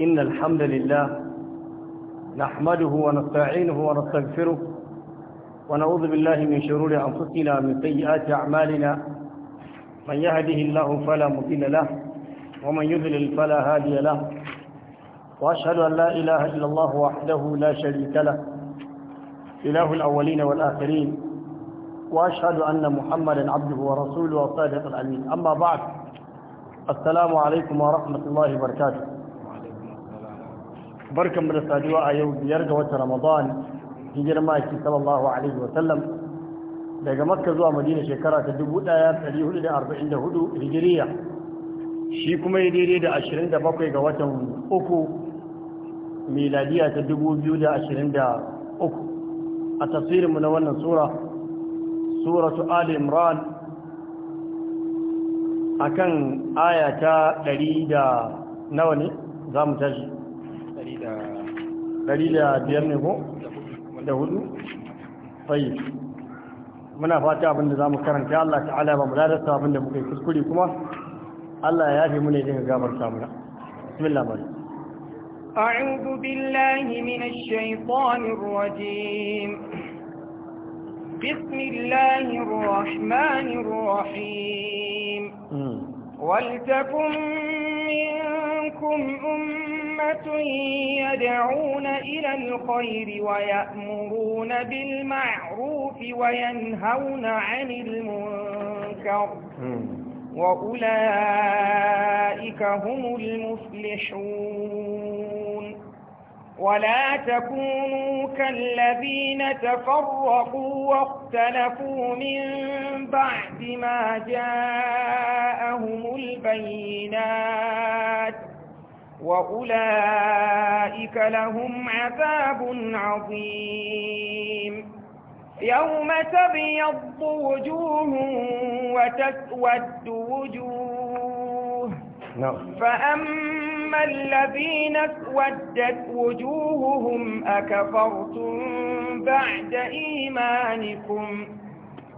إن الحمد لله نحمده ونستعينه ونستغفره ونعوذ بالله من شرور أنفسنا من سيئات أعمالنا من يهده الله فلا مضل له ومن يضلل فلا هادي له وأشهد أن لا إله إلا الله وحده لا شريك له إله الأولين والآخرين وأشهد أن محمدا عبده ورسوله وصادق العلمين أما بعد السلام عليكم ورحمة الله وبركاته barkan da saduwa a yau biyar ga watan ramadan hijirar maki sallallahu alaihi wa sallam daga makka zuwa madina shekara ta 1444 hijiriya shi kuma ya daidai da 27 ga watan uku miladiya ta 2023 a tafsirinmu na wannan sura suratu ali imran akan aya ta 100 da nawa ne za mu tashi ɗari da biyar ne ko da hudu tsayi muna fata abin da za mu karanta Allah ta'ala ba mu ladasta abin da muka yi kuskure kuma Allah ya yafe mu ne daga gabarta muna bismillah bari أعوذ بالله من الشيطان الرجيم بسم الله الرحمن الرحيم ولتكن منكم أمة أمة يدعون إلى الخير ويأمرون بالمعروف وينهون عن المنكر وأولئك هم المفلحون ولا تكونوا كالذين تفرقوا واختلفوا من بعد ما جاءهم البينات وأولئك لهم عذاب عظيم يوم تبيض وجوه وتسود وجوه نعم. فأما الذين اسودت وجوههم أكفرتم بعد إيمانكم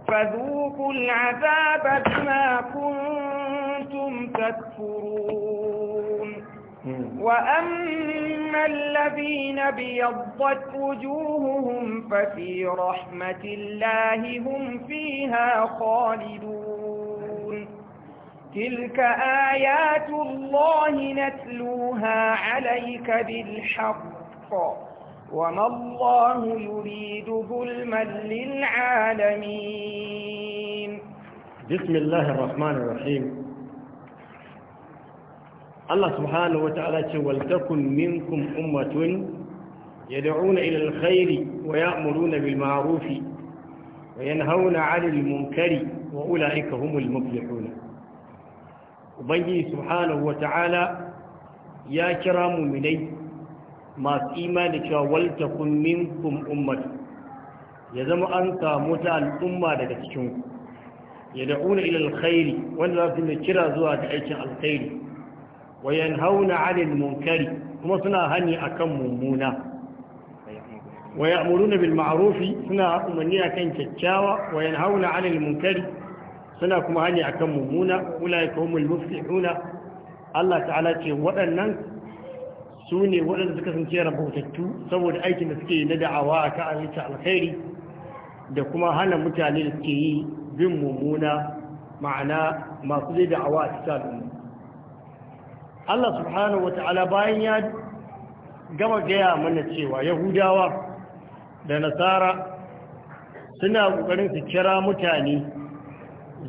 فذوقوا العذاب بما كنتم تكفرون وأما الذين ابيضت وجوههم ففي رحمة الله هم فيها خالدون تلك آيات الله نتلوها عليك بالحق وما الله يريد ظلما للعالمين بسم الله الرحمن الرحيم Allah subhanahu wa ta'ala ce waltakun minkum ummatun yad'una ila alkhairi wa ya'muruna bil ma'ruf wa yanhauna 'anil munkari wa ulaika humul muflihun ubangi subhanahu wa ta'ala ya kira mu'minai masu imani cewa waltakun minkum ummatun ya zama an samu ta al'umma daga cikinku ya da'una ilal khairi wanda za su kira zuwa da aikin alkhairi wa yanhauna 'anil munkari kuma suna hani akan mummuna waya ya'muruna bil ma'ruf suna umarni akan kyakkyawa wa yanhauna 'anil munkari suna kuma hani akan mummuna ulaika humul muflihuna Allah ta'ala ce waɗannan su ne waɗanda suka kasance rabautattu saboda aikin da suke na da'awa a ka'alita alkhairi da kuma hana mutane da suke yi bin mummuna ma'ana masu zai da'awa a cikin al'umma Allah subhanahu wa ta'ala bayan ya gama gaya mana cewa yahudawa da nasara suna ƙoƙarin su kira mutane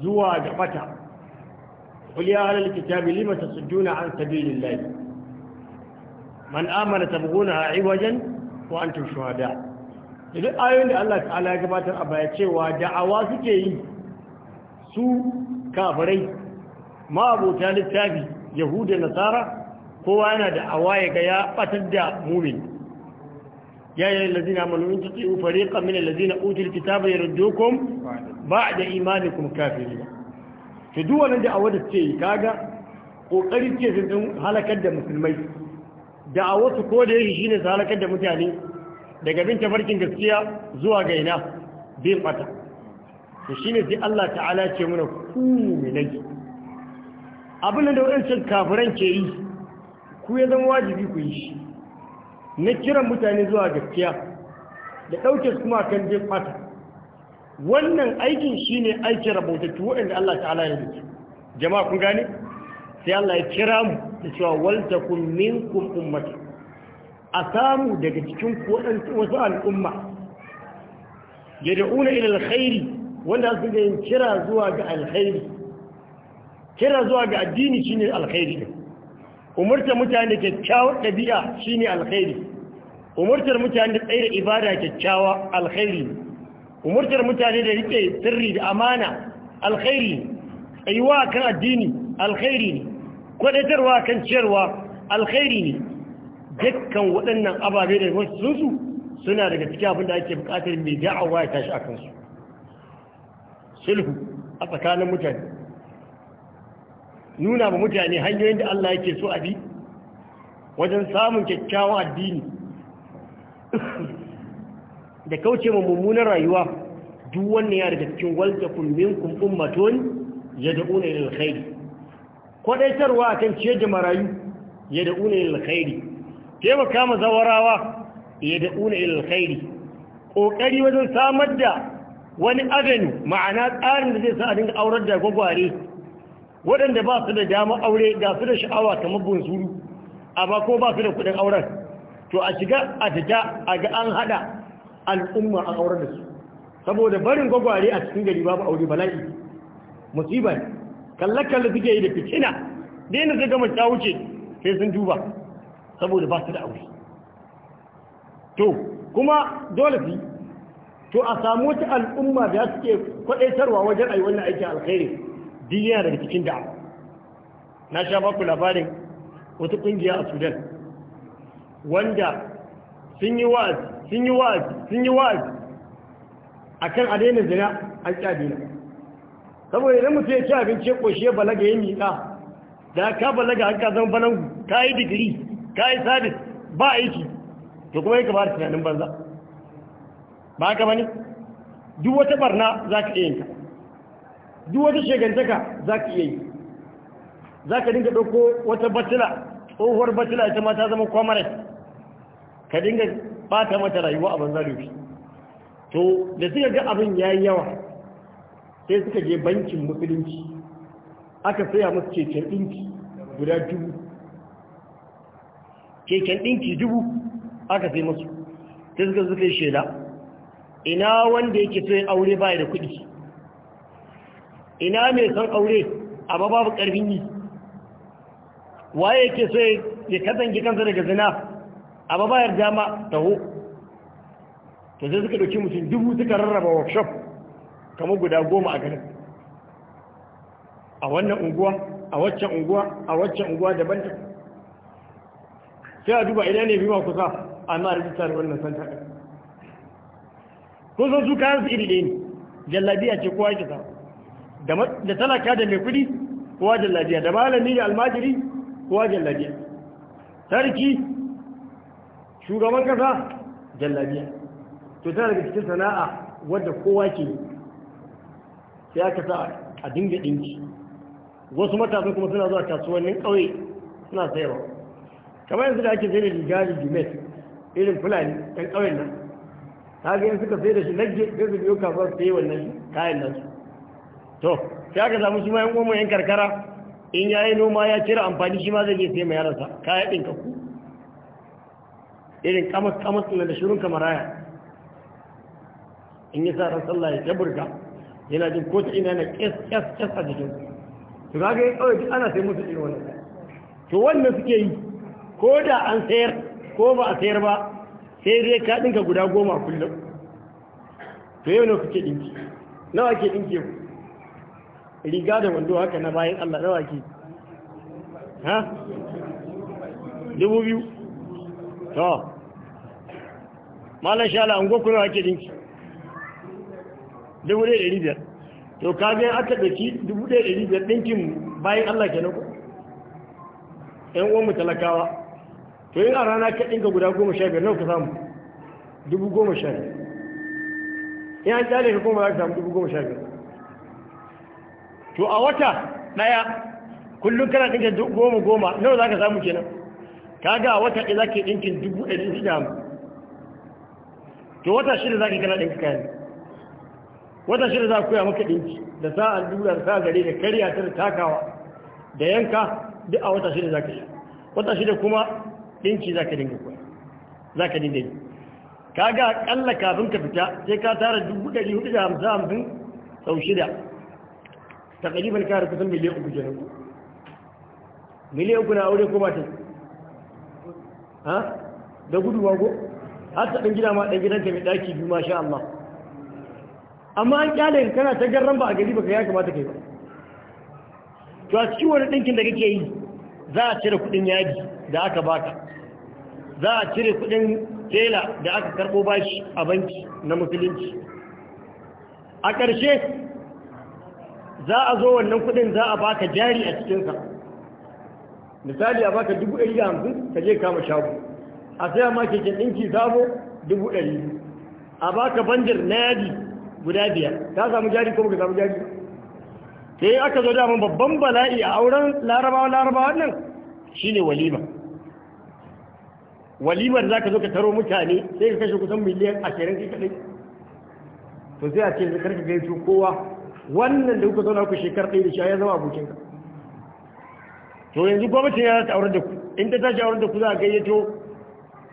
zuwa da fata kuliya halar kitabi lima ta sujjuna an sabilin lai man amana tabguna a wajen wa an tushuhada idan ayoyin da Allah ta'ala ya gabatar a baya cewa da'awa suke yi su kafirai ma abota littafi yahudu da nasara kowa yana da awaye ga ya batar da mumin ya yi lazina manumin ta tsiru fariƙa min lazina utul da yardukum ba'da imanikum kafirin to duk wannan da awada ce kaga kokari ce sun halakar da musulmai da awatu ko da yake shine su halakar da mutane daga bin tafarkin gaskiya zuwa ga ina bin bata to shine sai Allah ta'ala ce mana ku milai abin da waɗancan kafiran ke yi ku ya zama wajibi ku yi shi na kiran mutane zuwa gaskiya da ɗauke su kuma kan je fata wannan aikin shi ne aikin rabautattu waɗanda Allah ta'ala ya rubuta jama'a kun gane sai Allah ya kira mu da cewa waltakum minkum ummati a samu daga cikin wasu al'umma yada'una ila alkhairi wanda su ga kira zuwa ga alkhairi kira zuwa ga addini shine alkhairi umurtar mutane kyakkyawar ɗabi'a shine alkhairi umurtar mutane da tsaye da ibada kyakkyawa alkhairi umurtar mutane da rike sirri da amana alkhairi tsayuwa kan addini alkhairi ne kwadatarwa kan ciyarwa alkhairi ne dukkan waɗannan ababe da wasu suna daga cikin abin da ake buƙatar mai da'awa ya tashi a kansu sulhu a tsakanin mutane nuna ma mutane hanyoyin da Allah yake so a bi wajen samun kyakkyawan addini da kauce ma mummunan rayuwa duk wanne ya daga cikin waltakun kun ummatun yad'una ila alkhair kwadaitarwa kan ciyar da marayu Ya yad'una ila alkhair taimaka ma zawarawa Ya yad'una ila alkhair kokari wajen samar da wani avenue ma'ana tsarin da zai sa a dinga aurar da gwagware waɗanda ba su da dama aure ga su da sha'awa ta kamar suru amma ko ba su da kuɗin auren to a shiga a fita a ga an haɗa al'umma a auren da su saboda barin gwagware a cikin gari babu aure bala'i musiba ne kalle suke yi da fitina da yana zai gama ta wuce sai sun duba saboda ba su da aure to kuma dole fi to a samu wata al'umma da suke kwaɗaitarwa wajen ayi wannan aikin alkhairi duk yana daga cikin da na sha baku labarin wata kungiya a sudan wanda sun yi wa'azi sun yi wa'azi sun yi wa'azi akan a zina an kyade na saboda idan mutum ya ci abinci koshi ya balaga ya miƙa da ka balaga an ka zama balangu ka yi digiri ka yi sabis ba aiki to kuma yake ba da tunanin banza ba ka bane duk wata barna za ka iya yinka duk wata shegantaka za ka iya yi za ka dinga ɗauko wata batila tsohuwar batila ita ma ta zama kwamarai ka dinga bata mata rayuwa a banza rufi to da suka ga abin ya yi yawa sai suka je bankin musulunci aka saya musu keken ɗinki guda dubu keken ɗinki dubu aka sai musu sai suka zuka yi shela ina wanda yake so ya aure baya da kuɗi ina mai san aure amma babu ƙarfin yi waye yake so ya katange kansa daga zina amma ba yarda ma taho to sai suka ɗauki mutum dubu suka rarraba workshop kamar guda goma a garin a wannan unguwa a waccan unguwa a waccan unguwa daban ta sai a duba ina ne ma kusa amma da wannan santa ɗin kun san su kayan su iri ɗaya ne jallabiya ce kowa ke samu da talaka da mai kudi kowa jallabiya da malami da almajiri kowa jallabiya sarki shugaban kasa jallabiya to tana daga cikin sana'a wadda kowa ke sai aka sa a dinga dinki wasu matasan kuma suna zuwa kasuwannin ƙauye suna sayarwa kamar yanzu da ake sayar da riga da jimet irin fulani ɗan ƙauyen nan ta ga suka sayar da shi nagge sai su biyo kasuwa su wannan kayan nasu to sai aka samu shi ma yan goma yan karkara in ya yi noma ya cire amfani shi ma zai je sai mai yaransa kaya ɗin ku irin kamas kamas na da shirin kamar raya in yi sa ran sallah ya taburka yana jin ko ta ina na kes kes kes a jikin to ga ya kawai ana sai musu irin wannan to wannan suke yi ko da an sayar ko ba a sayar ba sai dai ka ɗinka guda goma kullum to yau ne kuke ɗinki nawa ke ɗinke ku riga da wando haka na bayan Allah nawa ke ha dubu biyu to malam shala an goku nawa ke dinki dubu ɗaya ɗari biyar to ka biyan aka ɗauki dubu ɗaya ɗari biyar ɗinkin bayan Allah ke nako ƴan uwanmu talakawa to yin a rana ka ɗinka guda goma sha biyar nawa ka samu dubu goma sha biyar in an ƙyale ka kuma za ka samu dubu goma sha biyar to a wata ɗaya kullum kana ɗinkin goma goma nawa za ka samu kenan kaga a wata ɗaya za ka ɗinkin dubu ɗari to wata shida za kana ɗinka kai wata shida za ku koya maka dinki da sa'a allura da sa'a gare da karya ta da takawa da yanka duk a wata shida za yi wata shida kuma dinki za ka dinga zaka za ka dinga yi ka ga ƙalla kafin ka fita sai ka tara dubu ɗari hudu da hamsin hamsin sau shida takaliban kare kusan miliyan uku kenan ku miliyan uku na aure ko ba ta ha da gudu wago har ta dan gida ma dan ta mai daki biyu masha Allah amma an kyale kana ta garran ba a gari ba ka ya kamata kai ba to a cikin wani dinkin da kake yi za a cire kudin yaji da aka baka za a cire kudin tela da aka karbo bashi a banki na musulunci a ƙarshe za a zo wannan kudin za a baka jari a cikinsa misali a baka dubu ɗari da hamsin ka je kama shago a saya ma keken ɗinki sabo dubu ɗari a baka banjar na yadi guda biyar ka samu jari ko ka samu jari yi aka zo daman babban bala'i a auren larabawa larabawa nan shine walima walimar za ka zo ka taro mutane sai ka kashe kusan miliyan ashirin kai kaɗai to sai a ce karka gaisu kowa wannan da kuka zauna ku shekar ɗaya da shi ya zama abokinka to yanzu mutum ya ta aure da ku in ta tashi aure da ku za a gayyato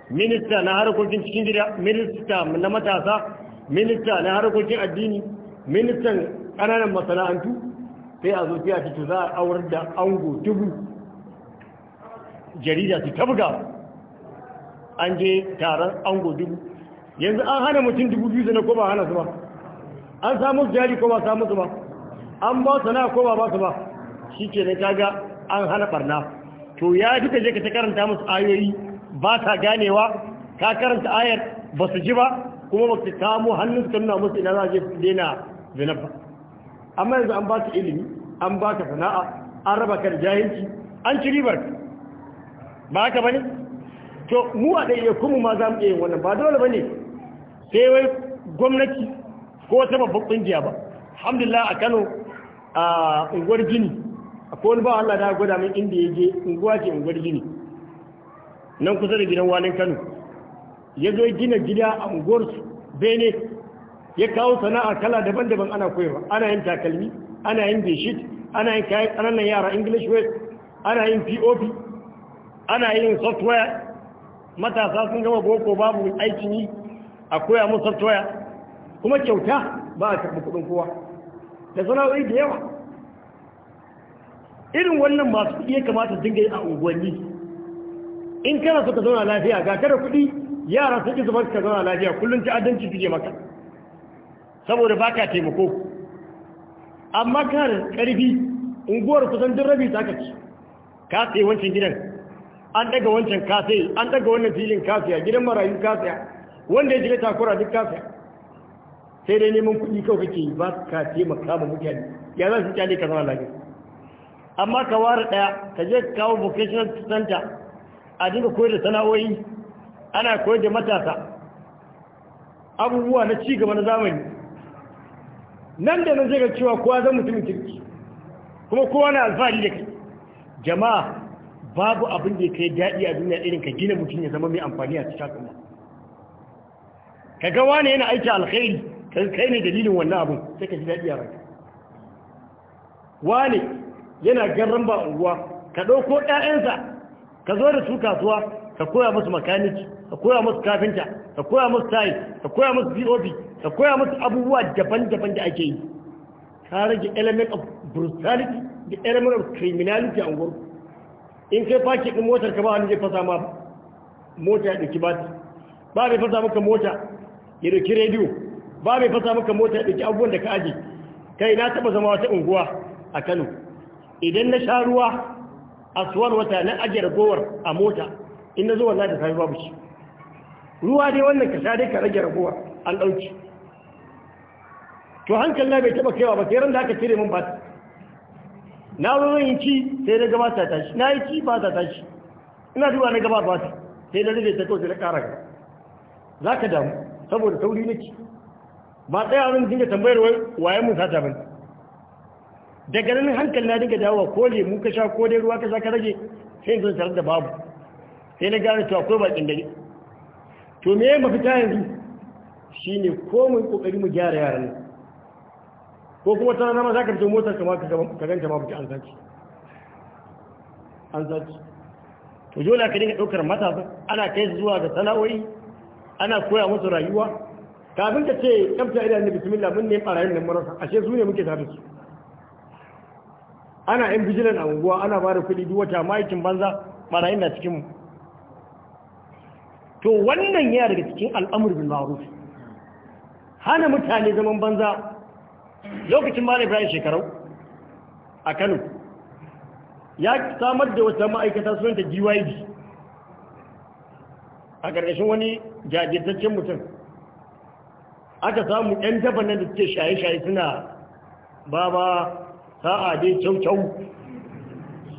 minista na harkokin cikin gida minista na matasa minista na harkokin addini ministan ƙananan masana'antu sai a zo a to za a aure da ango dubu jarida su tabga an je taron ango dubu yanzu an hana mutum dubu biyu zana ko ba hana su ba an samu jari ko ba samu su ba an ba su na ko ba ba su ba shi ke ne kaga an hana barna to ya duka je ka ta karanta musu ayoyi ba ta ganewa ka karanta ayar ba su ji ba kuma ba su kamo hannun su kanuna musu ina za a je su daina zinab ba amma yanzu an ba su ilimi an ba ka sana'a an raba ka da jahilci an ci ribar ba haka ba ne to mu a ɗaya kuma ma za mu iya yin wannan ba dole ba ne sai wai gwamnati ko wata babban kungiya ba alhamdulillah a Kano a unguwar gini a wani ba Allah da gwada min inda ya je unguwa ce unguwar gini nan kusa da gidan walin Kano ya zo gina gida a unguwar Bene ya kawo sana'a kala daban-daban ana koyarwa ana yin takalmi ana yin beshit ana yin kayan ƙananan yara English west ana yin POP ana yin software matasa sun gama boko babu aikin yi a koya musu software kuma kyauta ba a karɓi kuɗin kowa da sana'o'i da yawa irin wannan masu kuɗi ya kamata dinga yi a unguwanni in kana so ka zauna lafiya ga kada kuɗi yara sun isa zubar ka zauna lafiya kullum ta'addanci suke maka saboda baka taimako amma kana da ƙarfi unguwar kusan duk rabi ta kaci ka tsaye wancan gidan an daga wancan an daga wannan filin ka gidan marayu ka wanda ya shiga takura duk ka sai dai neman kuɗi kawai kake yi ba ka taimaka ma mutane ya za su kyale ka zama lafiya amma ka ware ɗaya ka je kawo vocational center a dinga koyar da sana'o'i ana koyar da matasa abubuwa na cigaba na zamani nan da nan zai ga cewa kowa zan mutumin kirki kuma kowa na alfahari da kai jama'a babu abin da ya kai daɗi a duniya irin ka gina mutum ya zama mai amfani a cikin kuma ka ga wani yana aiki alkhairi kai ne dalilin wannan abun sai ka ji daɗi a ranka wane yana garran ba unguwa ka ɗauko ɗayansa ka zo da su kasuwa ka koya musu makaniki ka koya musu kafinta ka koya musu tayi ka koya musu pop ka koya musu abubuwa daban-daban da ake yi ka rage element of brutality da element of criminality a unguwar in kai faki ɗin motar ka ba wani zai fasa ma mota ya ɗauki bati ba zai fasa maka mota ya ɗauki rediyo ba mai fasa maka mota ɗauki abubuwan da ka aji kai na taɓa zama wata unguwa a kano idan na sha ruwa a suwan wata na ajiye ragowar a mota zuwa na zo da sami babu shi ruwa dai wannan ka sha dai ka rage ragowa an ɗauki to hankali na bai taɓa kaiwa ba sai ran da aka cire min ba na zo zan yi ci sai na gaba ta tashi na yi ci ba ta tashi ina zuwa na gaba ba ta sai na rage ta kawai sai na ƙara gaba za ka damu saboda na nake ba tsaya abin dinga tambayar waye mun sata bane daga nan hankali na dinga dawowa ko lemu ka sha ko dai ruwa ka sha ka rage sai zan tare da babu sai na gane cewa akwai bakin dare to me ya mafita yanzu shine ko mun kokari mu gyara yaran nan ko kuma tana nama za ka fito motar kama ka ganta ma fita an zaki an zaki to dole ka dinga ɗaukar matasa ana kai zuwa ga sana'o'i ana koya musu rayuwa kafin ka ce kamta idan da bismillah mun ne barayin nan marasa ashe su ne muke tafi su ana yan bijilan a unguwa ana bada kuɗi duk wata ma'aikin banza barayin na cikin mu to wannan yana daga cikin al'amur bil ma'ruf hana mutane zaman banza lokacin bada ibrahim shekarau a kano ya samar da wata ma'aikata sunanta gyd a ƙarƙashin wani jajirtaccen mutum aka samu ɗan daban nan da suke shaye-shaye suna ba ba sa'a dai kyau-kyau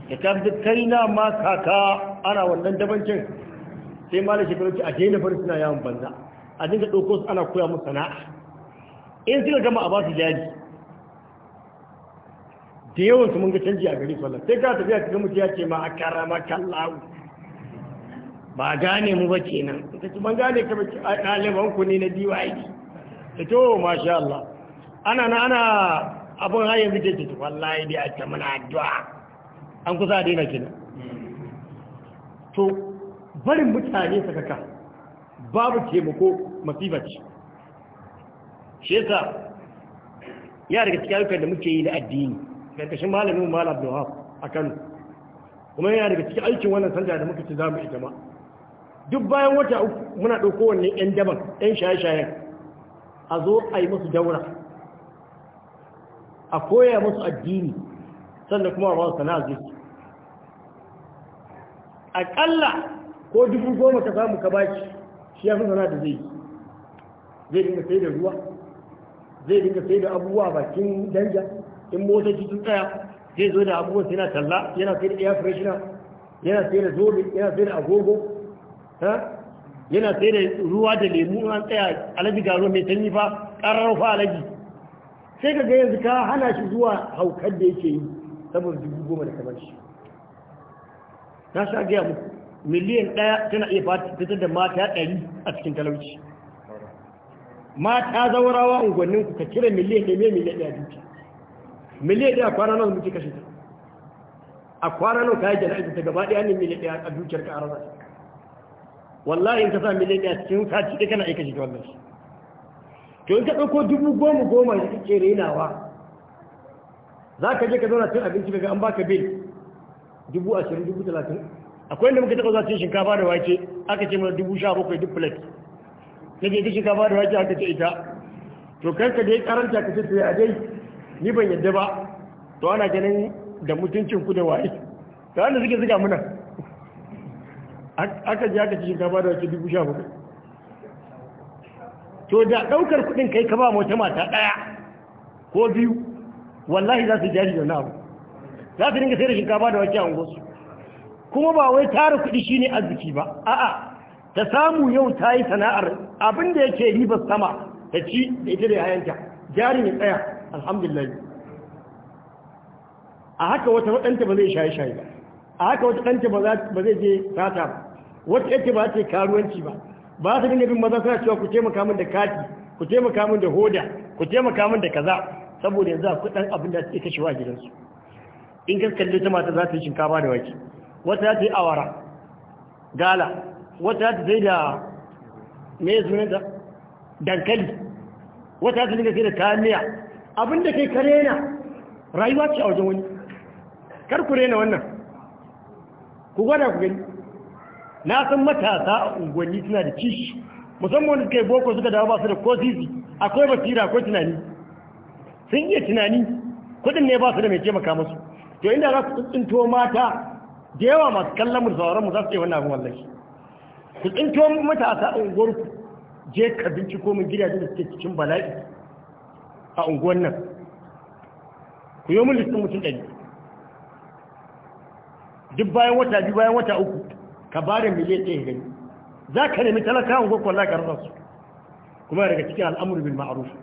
da kamfi kai na ma ana wannan dabancin sai ma da shekaru a daina fari suna yawon banza a dinga ɗauko su ana koya musu sana'a in suka gama a ba su jari da yawan su mun ga canji a gari kwallon, sai ka tafiya ka gama ya ce ma a karama kallahu ba gane mu ba kenan kace ban gane ka ba ɗaliban ku ne na DYD to masha Allah ana na ana abin har yanzu ke ciki wallahi dai a ta na addu'a an kusa daina kina to barin mutane sakaka babu taimako masifa ce shi yasa ya daga cikin ayyukan da muke yi na addini karkashin malamin malam abdullahi Wahab a Kano kuma yana daga cikin aikin wannan sanda da muka ci za mu ita ma duk bayan wata uku muna ɗauko wannan 'yan daban 'yan shaye-shayen a zo a yi musu daura a koya musu addini sannan kuma a ba sana'a zai aƙalla ko dubu goma ka samu ka baki, shi ya fi sana'a da zai zai dinga sai da ruwa zai dinga sai da abubuwa bakin danja in motar sun tsaya zai zo da abubuwan sai na talla yana sai da air freshener yana sai da zobe yana sai da agogo ha yana sai da ruwa da lemu an tsaya alaji ga ruwa mai sanyi fa ƙarar fa alaji sai ka ga yanzu ka hana shi zuwa haukar da yake yi saboda dubu goma da kamar shi na sha gaya muku miliyan ɗaya tana iya fitar da mata ɗari a cikin talauci mata zaurawa unguwannin ku ka cire miliyan ɗaya miliyan ɗaya duki miliyan ɗaya kwana nawa muke kashe ta a kwana nawa yi jana'izar ta gaba ɗaya ne miliyan ɗaya a dukiyar ka a wallahi in ka sa miliyan ɗaya cikin sati ɗaya kana aika shi wannan shi to in ka ɗauko dubu goma goma da kake renawa za ka je ka zauna cin abinci daga an baka bil dubu ashirin dubu talatin akwai inda muka taɓa za cin shinkafa da wake aka ce mana dubu sha bakwai duk plate na je ta shinkafa da wake aka ce ita to kanka da ya karanta ka ce to ya dai ni ban yadda ba to ana ganin da mutuncin ku da waye to wanda suke zuga muna aka ji aka ci shinkafa da wace dubu sha hudu to da ɗaukar kuɗin kai ka ba wata mata ɗaya ko biyu wallahi za su jari da na abu za su dinga sai da shinkafa da wace su. kuma ba wai tara kuɗi ne arziki ba a'a ta samu yau ta yi sana'ar abin da yake ribar sama ta ci da ita da yayanta jari ne tsaya alhamdulillah a haka wata waɗanta ba zai shaye shaye ba a haka wata ɗanta ba zai je sata ba wacce yake ba ta karuwanci ba ba ta dinga bin maza suna cewa ku taimaka min da kati ku taimaka min da hoda ku taimaka min da kaza saboda yanzu akwai dan abin da suke kashewa gidansu in ka kalle ta mata za ta yi shinkafa da wake wata za ta yi awara gala wata za ta sai da me da dankali wata za ta dinga sai da kayan miya abin da kai kare na rayuwa ce a wajen wani kar ku rena wannan ku gwada ku gani na san matasa a unguwanni suna da kishi musamman wanda suka yi boko suka dawo ba su da kosisi akwai basira akwai tunani sun iya tunani kudin ne ba su da mai taimaka musu to inda za su tsuntsunto mata da yawa masu kallon mu sauran mu za su ce wannan abin wallahi ku tsinto matasa a unguwar ku je ka binciko min gidaje da suke cikin bala'i a unguwan nan ku yi mun listin mutum ɗari duk bayan wata biyu bayan wata uku ka ba da miliyan ɗaya gani za ka nemi talakawan ko kwallon ka rasa su kuma daga cikin al'amur bin maarufu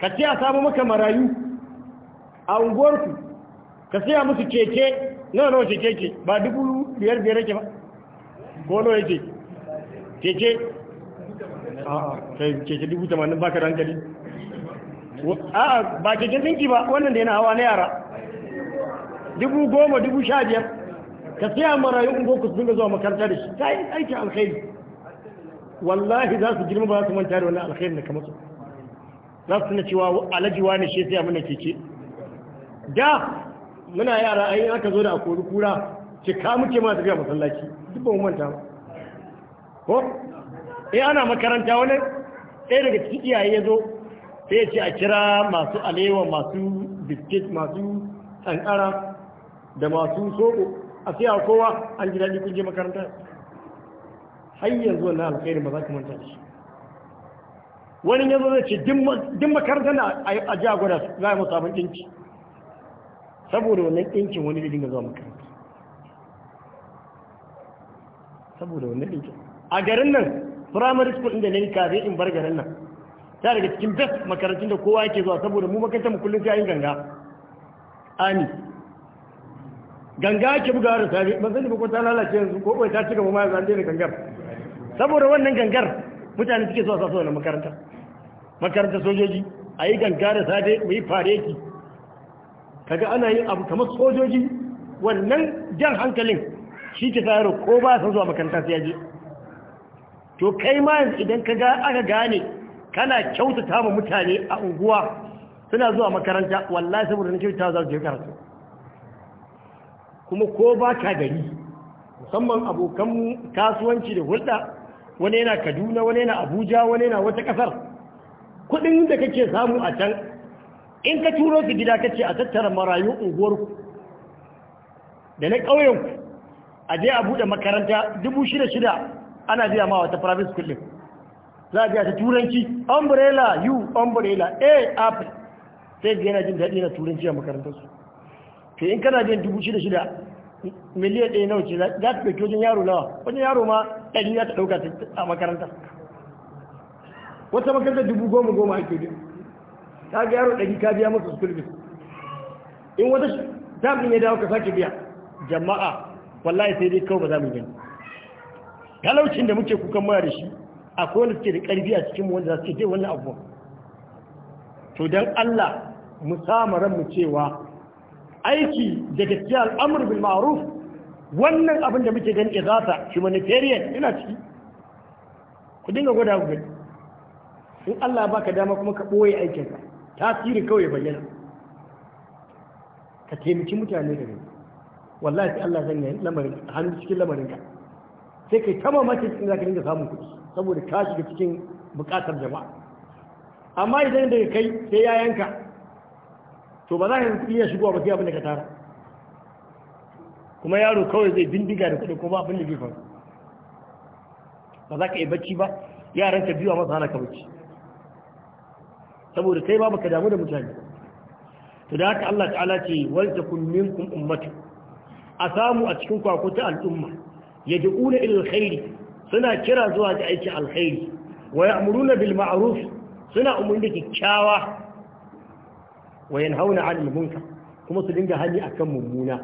ka ce a samu maka marayu a unguwarku ka siya musu keke nawa nawa keke ke ba dubu biyar biyar yake ba ko nawa yake keke a kai keke dubu tamanin baka da hankali a'a ba keke dinki ba wannan da yana hawa na yara dubu goma dubu sha biyar ka siya marayu in ku su dinga zuwa makaranta da shi ta yi aikin alkhairi wallahi za su girma ba za su manta da wannan alkhairi da kamar su za su tuna cewa alaji wani shi sai mana keke da muna yara ai aka zo da akori kura ce ka muke ma tafiya masallaci duk ba mu manta ba ko eh ana makaranta wani ɗaya daga cikin iyaye ya zo sai ya ce a kira masu alewa masu biskit masu kankara da masu soko a siya kowa an ji daɗi kun je makaranta har yanzu wannan alkhairin ba za ka manta da shi wani ya zo zai ce din makaranta na a ji a gwada za a yi abin ɗinki saboda wannan ɗinkin wani zai dinga zuwa makaranta saboda wannan ɗinkin a garin nan primary school inda na yi zai in bar garin nan ta daga cikin best makarantun da kowa yake zuwa saboda mu makarantar mu kullum sai yin ganga Amin. ganga ake buga da safe ban sani ba ko ta lalace yanzu ko kai ta ci gaba ma yanzu an daina gangar saboda wannan gangar mutane suke zuwa sasuwa na makaranta makaranta sojoji a yi ganga da safe mu yi fareki kaga ana yin abu kamar sojoji wannan jan hankalin shi ke tsaro ko ba san zuwa makaranta sai ya je to kai ma yanzu idan ka ga aka gane kana kyautata ma mutane a unguwa suna zuwa makaranta wallahi saboda na kyautata za su je karatu kuma ko ba ka gari musamman abokan kasuwanci da hulɗa wani yana kaduna wani yana abuja wani yana wata ƙasar kuɗin da kake samu a can in ka turo su gida kace a tattara marayu unguwarku da na ƙauyenku a je a buɗe makaranta dubu shida shida ana biya ma wata private school din. za a biya ta turanci umbrella u umbrella a apple sai ga yana jin daɗi na turanci a makarantarsu to in kana biyan dubu shida shida miliyan ɗaya nawa ce za ta ɗauki wajen yaro nawa wajen yaro ma ɗari za ta ɗauka a makaranta wata makaranta dubu goma goma ake biyu ka ga yaro ɗari ka biya masa school fees in wata tafi ne dawo ka sake biya jama'a wallahi sai dai kawai ba za mu gani talaucin da muke kukan mara da shi akwai wanda suke da ƙarfi a cikinmu wanda za su ce wannan abubuwan to don Allah mu sama ranmu cewa aiki da gaskiya al'amur bil ma'ruf wannan abin da muke gani izata humanitarian ina ciki ku dinga gwada ku gani in Allah ya baka dama kuma ka boye aikin ka tasiri kawai bayyana ka taimaki mutane da gani wallahi sai Allah zan yi lamarin hannu cikin lamarin ka sai kai kama mamakin cikin zaka dinga samun kuɗi saboda ka shiga cikin bukatar jama'a amma idan da kai sai yayanka to ba za ka iya shigowa ba sai abin da ka tara kuma yaro kawai zai bindiga da kuɗi kuma abin da zai faru ba za ka yi bacci ba yaran ka biyu a masa hana ka bacci saboda kai ba baka damu da mutane to da haka Allah ta'ala ce wal takun minkum ummatu a samu a cikin kwakuta al'umma yad'una ila alkhairi suna kira zuwa ga aikin alkhairi wa ya'muruna bil ma'ruf suna umarni da kyakkyawa wa yanhauna 'anil munkar kuma su dinga hani akan mummuna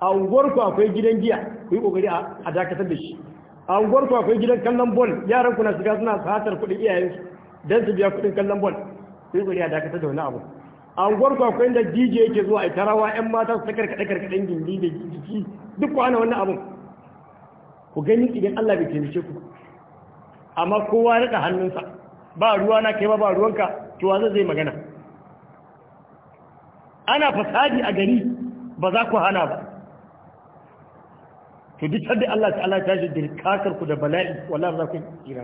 a unguwarku akwai gidan giya ku yi kokari a dakatar da shi a unguwarku akwai gidan kallon bol yaran ku na shiga suna satar kuɗin iyayensu don su biya kuɗin kallon bol ku yi kokari a dakatar da wani abu a unguwarku akwai inda DJ yake zuwa a tarawa Yan mata su sakar kaɗe karkaɗen gindi da jiki duk ku ana wannan abun ku gani idan Allah bai taimake ku amma kowa ya hannunsa ba ruwa na kai ba ba ruwanka to wa zai magana ana fasadi a gari ba za ku hana ba to duk da Allah Allah ta shi dirkakar ku da bala'i wallahi za ku jira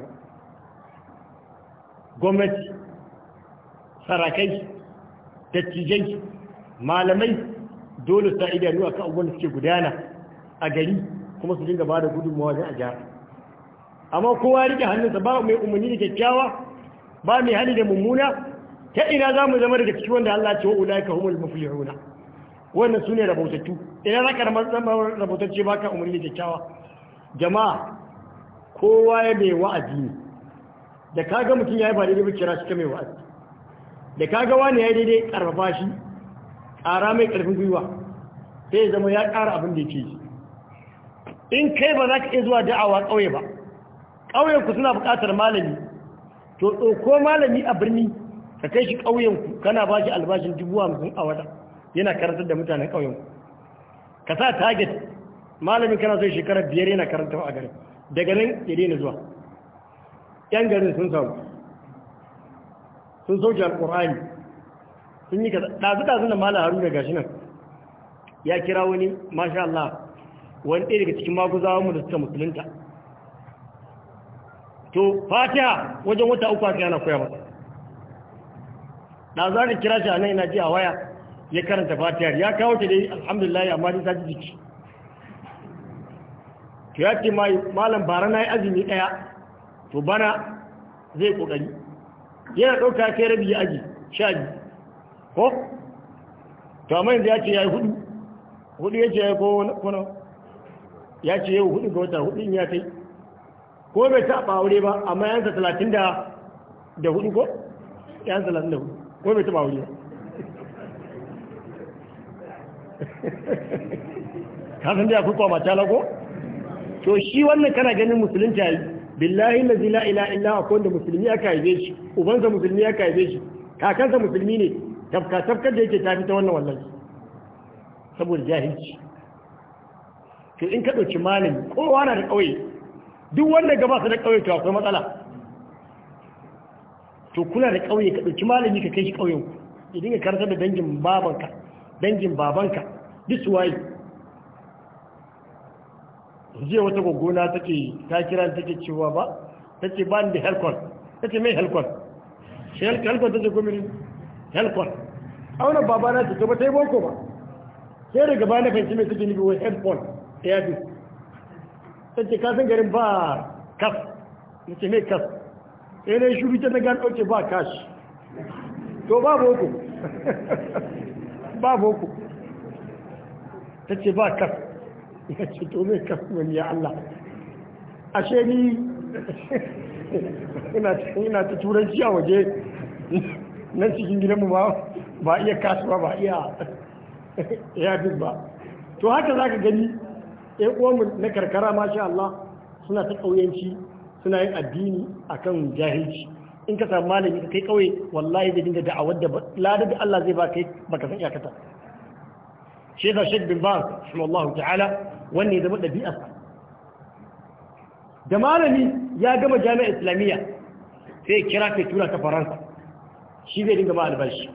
gwamnati sarakai dattijai malamai dole sa idanu akan abubuwan da suke gudana a gari kuma su dinga bada gudunmuwa gudunmawa wajen a jihar. amma kowa rike hannunsa ba mai umarni da kyakkyawa ba mai hali da mummuna ta ina za mu zama daga cikin wanda Allah ce wa ulaika humul muflihuna wannan sune rabotattu ina za ka zama ba baka umarni kyawa jama'a kowa ya bai wa'azi ne da kaga mutum ya yi ba daidai ba kira shi kai mai wa'azi da kaga wani ya yi daidai karfafa shi ƙara mai karfin gwiwa sai ya zama ya ƙara abin da yake in kai ba za ka iya zuwa da'awa ƙauye ba ƙauye ku suna buƙatar malami to tsoko malami a birni ka kai shi ƙauyenku kana ba shi albashin dubu hamsin a wata yana karantar da mutanen ƙauyenku ka sa target malamin kana zai shekarar biyar yana karanta a garin daga nan ya daina zuwa yan garin sun samu sun sauke alƙur'ani sun yi kasa. ɗazu ɗazu na malam haruna gashi nan ya kira wani masha Allah wani ɗaya daga cikin maguzawa mu da suka musulunta to fatiha wajen wata uku aka yana koya masa da za ka kira shi a nan inaji a waya ya karanta fatiyar ya kawo ta dai alhamdulillah amma dai ta ji jiki to ya ce malam bara na yi azumi ɗaya to bana zai ƙoƙari yana ɗauka kai rabi ya aji sha ji ko to amma yanzu ya ce ya yi hudu hudu ya ce ya yi kowane ya ce yi hudu ga wata hudu ya kai ko bai taɓa aure ba amma yansa talatin da hudu ko yansa talatin da hudu ko bai taba aure ka san dai akwai kwa mata lago to shi wannan kana ganin musulunci yayi billahi allazi la ilaha illa huwa wanda musulmi aka haife shi ubansa musulmi aka haife shi kakansa musulmi ne tafka tafkar da yake tafi ta wannan wallahi saboda jahilci to in ka dauki malami kowa na da kauye duk wanda gaba su da kauye to akwai matsala to kula da ƙauye ka ɗauki malami ka kai shi ƙauyen ku idan ka karanta da dangin babanka dangin babanka duk su waye jiya wata gwaggona take ta kira take cewa ba ta ce ba ni da helcon ta ce mai helcon shi helcon ta ce mini helcon auna babana ta ba ta yi boko ba sai daga ba na fahimci mai suke ni wai helcon ta yafi ta ce kasan garin ba kaf ta ce mai kaf sai shuru ta daga ɗauke ba kashi to ba boko ba boko ta ce ba kas ya ce to mai kas wani ya Allah ashe ni ina ta turanci a waje nan cikin gidanmu ba ba iya kasuwa ba iya yafin ba to haka za ka gani ya uwanmu na karkara masha Allah suna ta ƙauyanci suna yin addini akan jahilci in ka samu malami ka kai kauye wallahi zai dinga da'awar da ladar da Allah zai ba kai baka san iyakata shi da Sheikh bin Baz rahimahullahu ta'ala wanne ya zama ɗabi'a. da malami ya gama jami'a islamiyya sai kira ka tura ta Faransa shi zai dinga ma albashi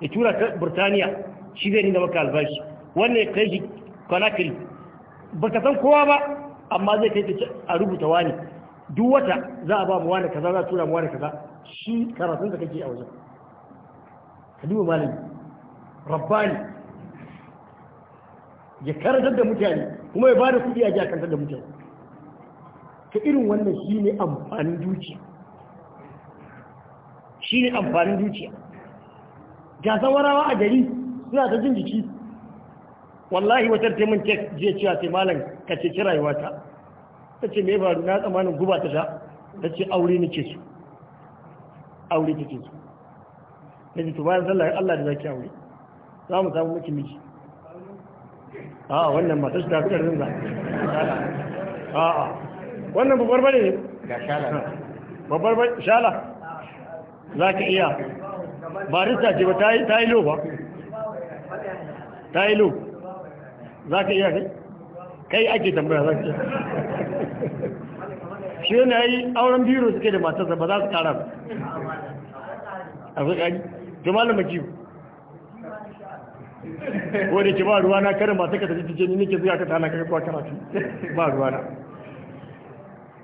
ya tura ta Burtaniya shi zai dinga maka albashi wanne kai shi Conakry baka san kowa ba amma zai kai ta a rubuta wani duk wata za a ba mu wani kaza za a tura mu wani kaza shi karatun da kake a wajen duba malami rabbani ya karantar da mutane kuma ya bada kuɗi a ji a karantar da mutane Ka irin wannan shi ne amfanin dukiya shi ne amfanin dukiya ga zawarawa a gari suna ta jin jiki wallahi wata taimakon tek jiya cewa sai malam ka ceci rayuwata ta ce me faru na tsamanin guba ta sha ta ce aure nake su aure take su ta ce to bayan sallah Allah da zaki aure za mu samu miki miki a wannan mata ta fi karfin za a a wannan babbar bane ne babbar bane shala za ka iya barista ce ba ta yi lo ba ta yi lo za ka iya kai kai ake tambaya za ka iya shi yana yi auren biro suke da matarsa ba za su kara ba a zakari da malama kiwo wadda ke ba na karin masu kasar tafi ne nake zuwa ta tana kaka kwa karatu ba ruwa na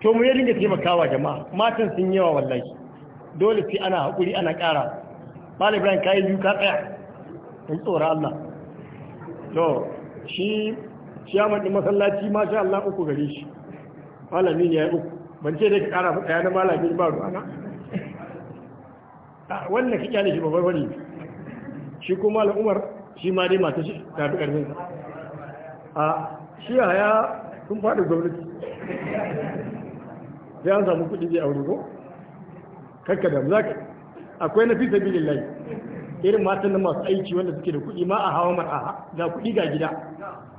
to mu ya dinga taimakawa jama'a matan sun yawa wallahi dole sai ana haƙuri ana ƙara malam ibrahim kayi biyu ka tsaya in tsora allah to shi ya ɗin masallaci masha allah uku gare shi malami ne ya yi uku ban ce da ka kara tsaya na malamin ba A ah, wannan ka kyale shi babbar wani shi kuma Umar, shi ma dai masu shi ta fi sa a shi a haya sun faɗi gwamnati sai an samu kuɗi zai aure ko kakka da za akwai na fi sabi lillahi irin matan na masu aiki wanda suke da kuɗi ma a hawa mar'aha ga kuɗi ga gida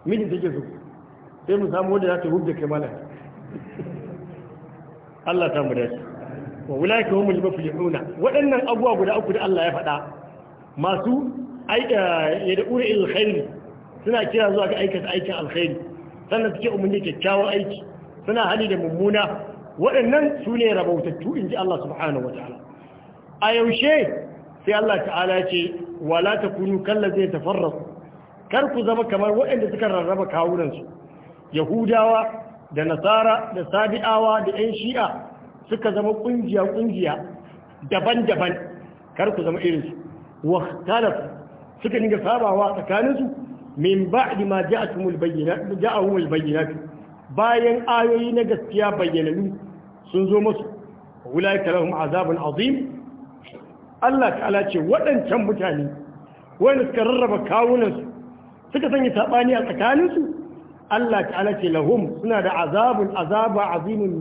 mijin take so sai mu samu wanda za ta hubda kai malam Allah ta mu wa ulaka humul muflihuna waɗannan abuwa guda uku da Allah ya faɗa masu ya da ƙuri alkhairi suna kira zuwa ga aikata aikin alkhairi sannan suke umarni kyakkyawan aiki suna hali da mummuna waɗannan su ne rabautattu in ji Allah subhanahu wa ta'ala a yaushe sai Allah ta'ala ya ce wala ta kunu kalla zai kar ku zama kamar waɗanda suka rarraba kawunansu yahudawa da nasara da sabi'awa da 'yan shi'a suka zama kungiya-kungiya daban-daban kar ku zama irinsu wa talafu suka dinga sabawa tsakaninsu min ba'di ma ja'atumul bayyinat ja'awul bayyinat bayan ayoyi na gaskiya bayyananu sun zo musu ulaika lahum azabun azim Allah ta'ala ce waɗancan mutane wanda suka rarraba kawunansu suka sanya sabani a tsakaninsu Allah ta'ala ce lahum suna da azabun azaba azimin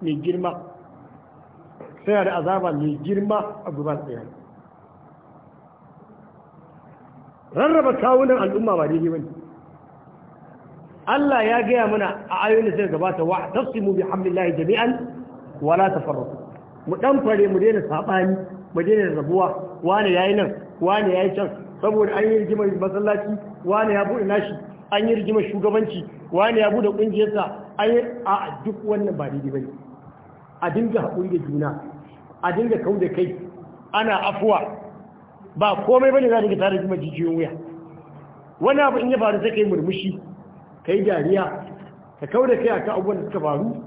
mai girma suna da azaba mai girma a gaban tsaye rarraba kawunan al'umma ba daidai bane Allah ya gaya mana a ayoyin da suka gabata wa tafsimu bi hamdillahi jami'an wala ta faru. mu dan fare mu daina sabani mu daina rabuwa wani yayi nan wani yayi can saboda an yi rigimar masallaci wani ya buɗe nashi an yi rigimar shugabanci wani ya bude kungiyarsa a yi a duk wannan ba daidai bane a dinga haƙuri da juna a dinga kau da kai ana afuwa ba komai bane za dinga tare rigimar jijiyoyin wuya wani abu in ya faru sai kai murmushi kai dariya ka kau da kai a kan abubuwan da suka faru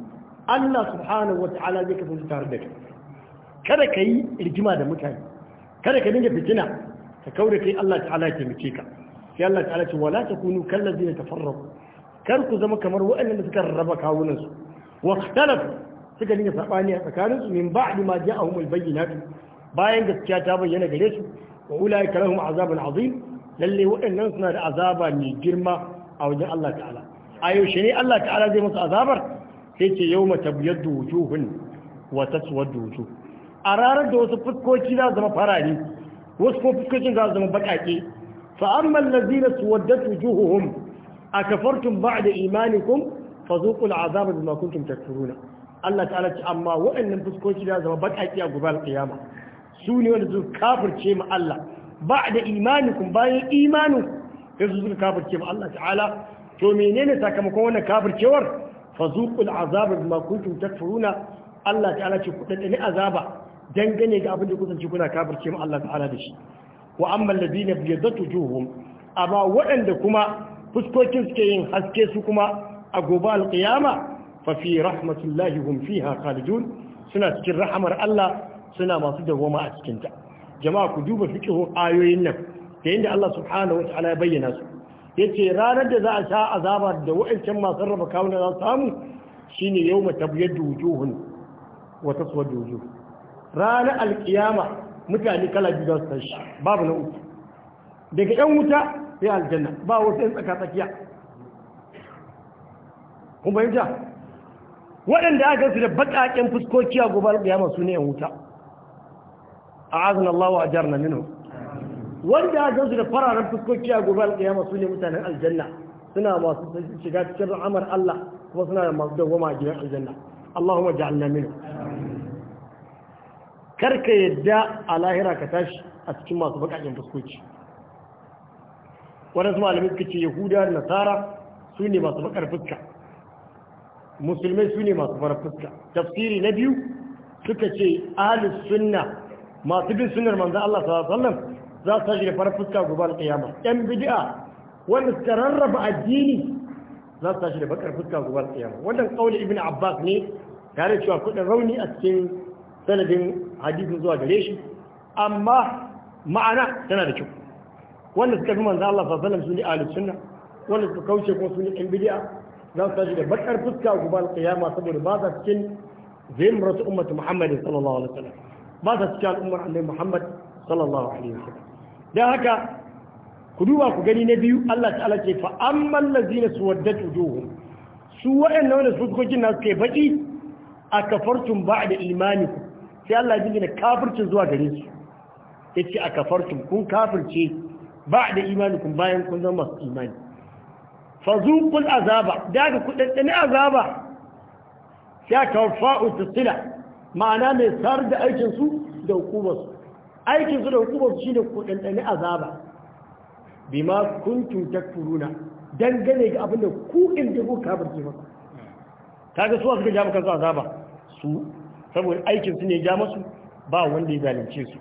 Allah subhanahu wa ta'ala zai kasance tare da kai kada ka yi rigima da mutane kada ka dinga fitina ka kau da kai Allah ta'ala ya taimake ka sai Allah ta'ala ce wala takunu kallazina tafarraqu kar ku zama kamar waɗanda suka rarraba kawunan su wa ikhtalafu suka dinga sabani a tsakanin su min ba'di ma ja'ahum al bayan gaskiya ta bayyana gare su wa ulai karahum azabun azim lalle waɗannan suna da azaba mai girma a wajen Allah ta'ala a yaushe ne Allah ta'ala zai musu azabar sai ce yau mata biyar wujuhun wata wujuh a ranar da wasu fuskoki za zama farare wasu ko fuskocin za zama baƙaƙe فأما الذين سودت وجوههم أكفرتم بعد إيمانكم فذوقوا العذاب بما كنتم تكفرون الله تعالى أما وإن لم تسكوش لازم بدأت يا قبال القيامة سوني ونزل كافر شيء مع الله بعد إيمانكم باي إيمانكم يزول كافر شيء مع الله تعالى تومينين ساكمكونا كافر شور فذوقوا العذاب بما كنتم تكفرون الله تعالى شكرا أن أذابا dangane ga abin da kusanci kuna kafirce mu Allah ta'ala da shi wa amma allazina biyazzatu juhum amma waɗanda kuma fuskokin suke yin haske su kuma a gobe alƙiyama fa fi rahmatullahi hum fiha khalidun suna cikin rahamar Allah suna masu dawama a cikin ta jama'a ku duba fiqhu ayoyin nan da yanda Allah subhanahu wataala ya bayyana su yace ranar da za a sha azaba da wa'ancan masu raba kawuna za su samu shine yawma tabyaddu wujuhun wa taswadu wujuh ranar alƙiyama mutane kala biyu za su tashi babu na uku daga yan wuta sai aljanna ba wasu yan tsaka tsakiya kun fahimta waɗanda aka su da baƙaƙen fuskoki a gobe yamma su ne yan wuta a azan Allah wa ajar na minu wanda aka su da fararen fuskoki a gobe yamma su ne mutanen aljanna suna masu shiga cikin ra'amar Allah kuma suna da masu dawoma a gidan aljanna Allahumma ja'alna minhu karka yadda a lahira ka tashi a cikin masu bakakin fuskoci Wadansu malamai suka ce yahuda da nasara su ne masu bakar fuska musulmai su ne masu farar fuska tafsiri na biyu suka ce ahlus sunna masu bin sunnar manzon Allah sallallahu alaihi za su tashi da farar fuska gobe alƙiyama ɗan bid'a wanda suka rarraba addini za su tashi da bakar fuska gobe alƙiyama wannan kauli Ibn abbas ne tare da cewa kudin rauni a cikin sanadin hadisin zuwa gare shi amma ma'ana tana da kyau wanda suka fi manzo Allah sallallahu alaihi wasallam su ne ahlus sunna wanda suka kauce kuma su ne ɗan bid'a za su tashi da bakar fuska gobe alƙiyama saboda ba sa cikin zimratu ummatu Muhammad sallallahu alaihi wasallam ba sa cikin al'ummar Annabi Muhammad sallallahu alaihi wasallam dan haka ku duba ku gani na biyu Allah ta'ala ce fa amman lazina suwaddat wujuhum su wa'annan wanda su kokin nasu kai baki akafartum ba'da imanikum sai Allah ya gina kafircin zuwa gare su Ya ce a kafartum kun kafirce ba da imanikun bayan kun zama masu imani fazuqul azaba daga ku daddane azaba ya ta tisila ma'ana mai sar da aikinsu su da hukumar su aikin su da hukumar su shine ku daddane azaba bima kuntum takfuruna dangane ga abin da ku inda ku kafirce ba ga su suka jami kansu azaba su saboda aikin su ne ja masu ba wanda ya zalunce su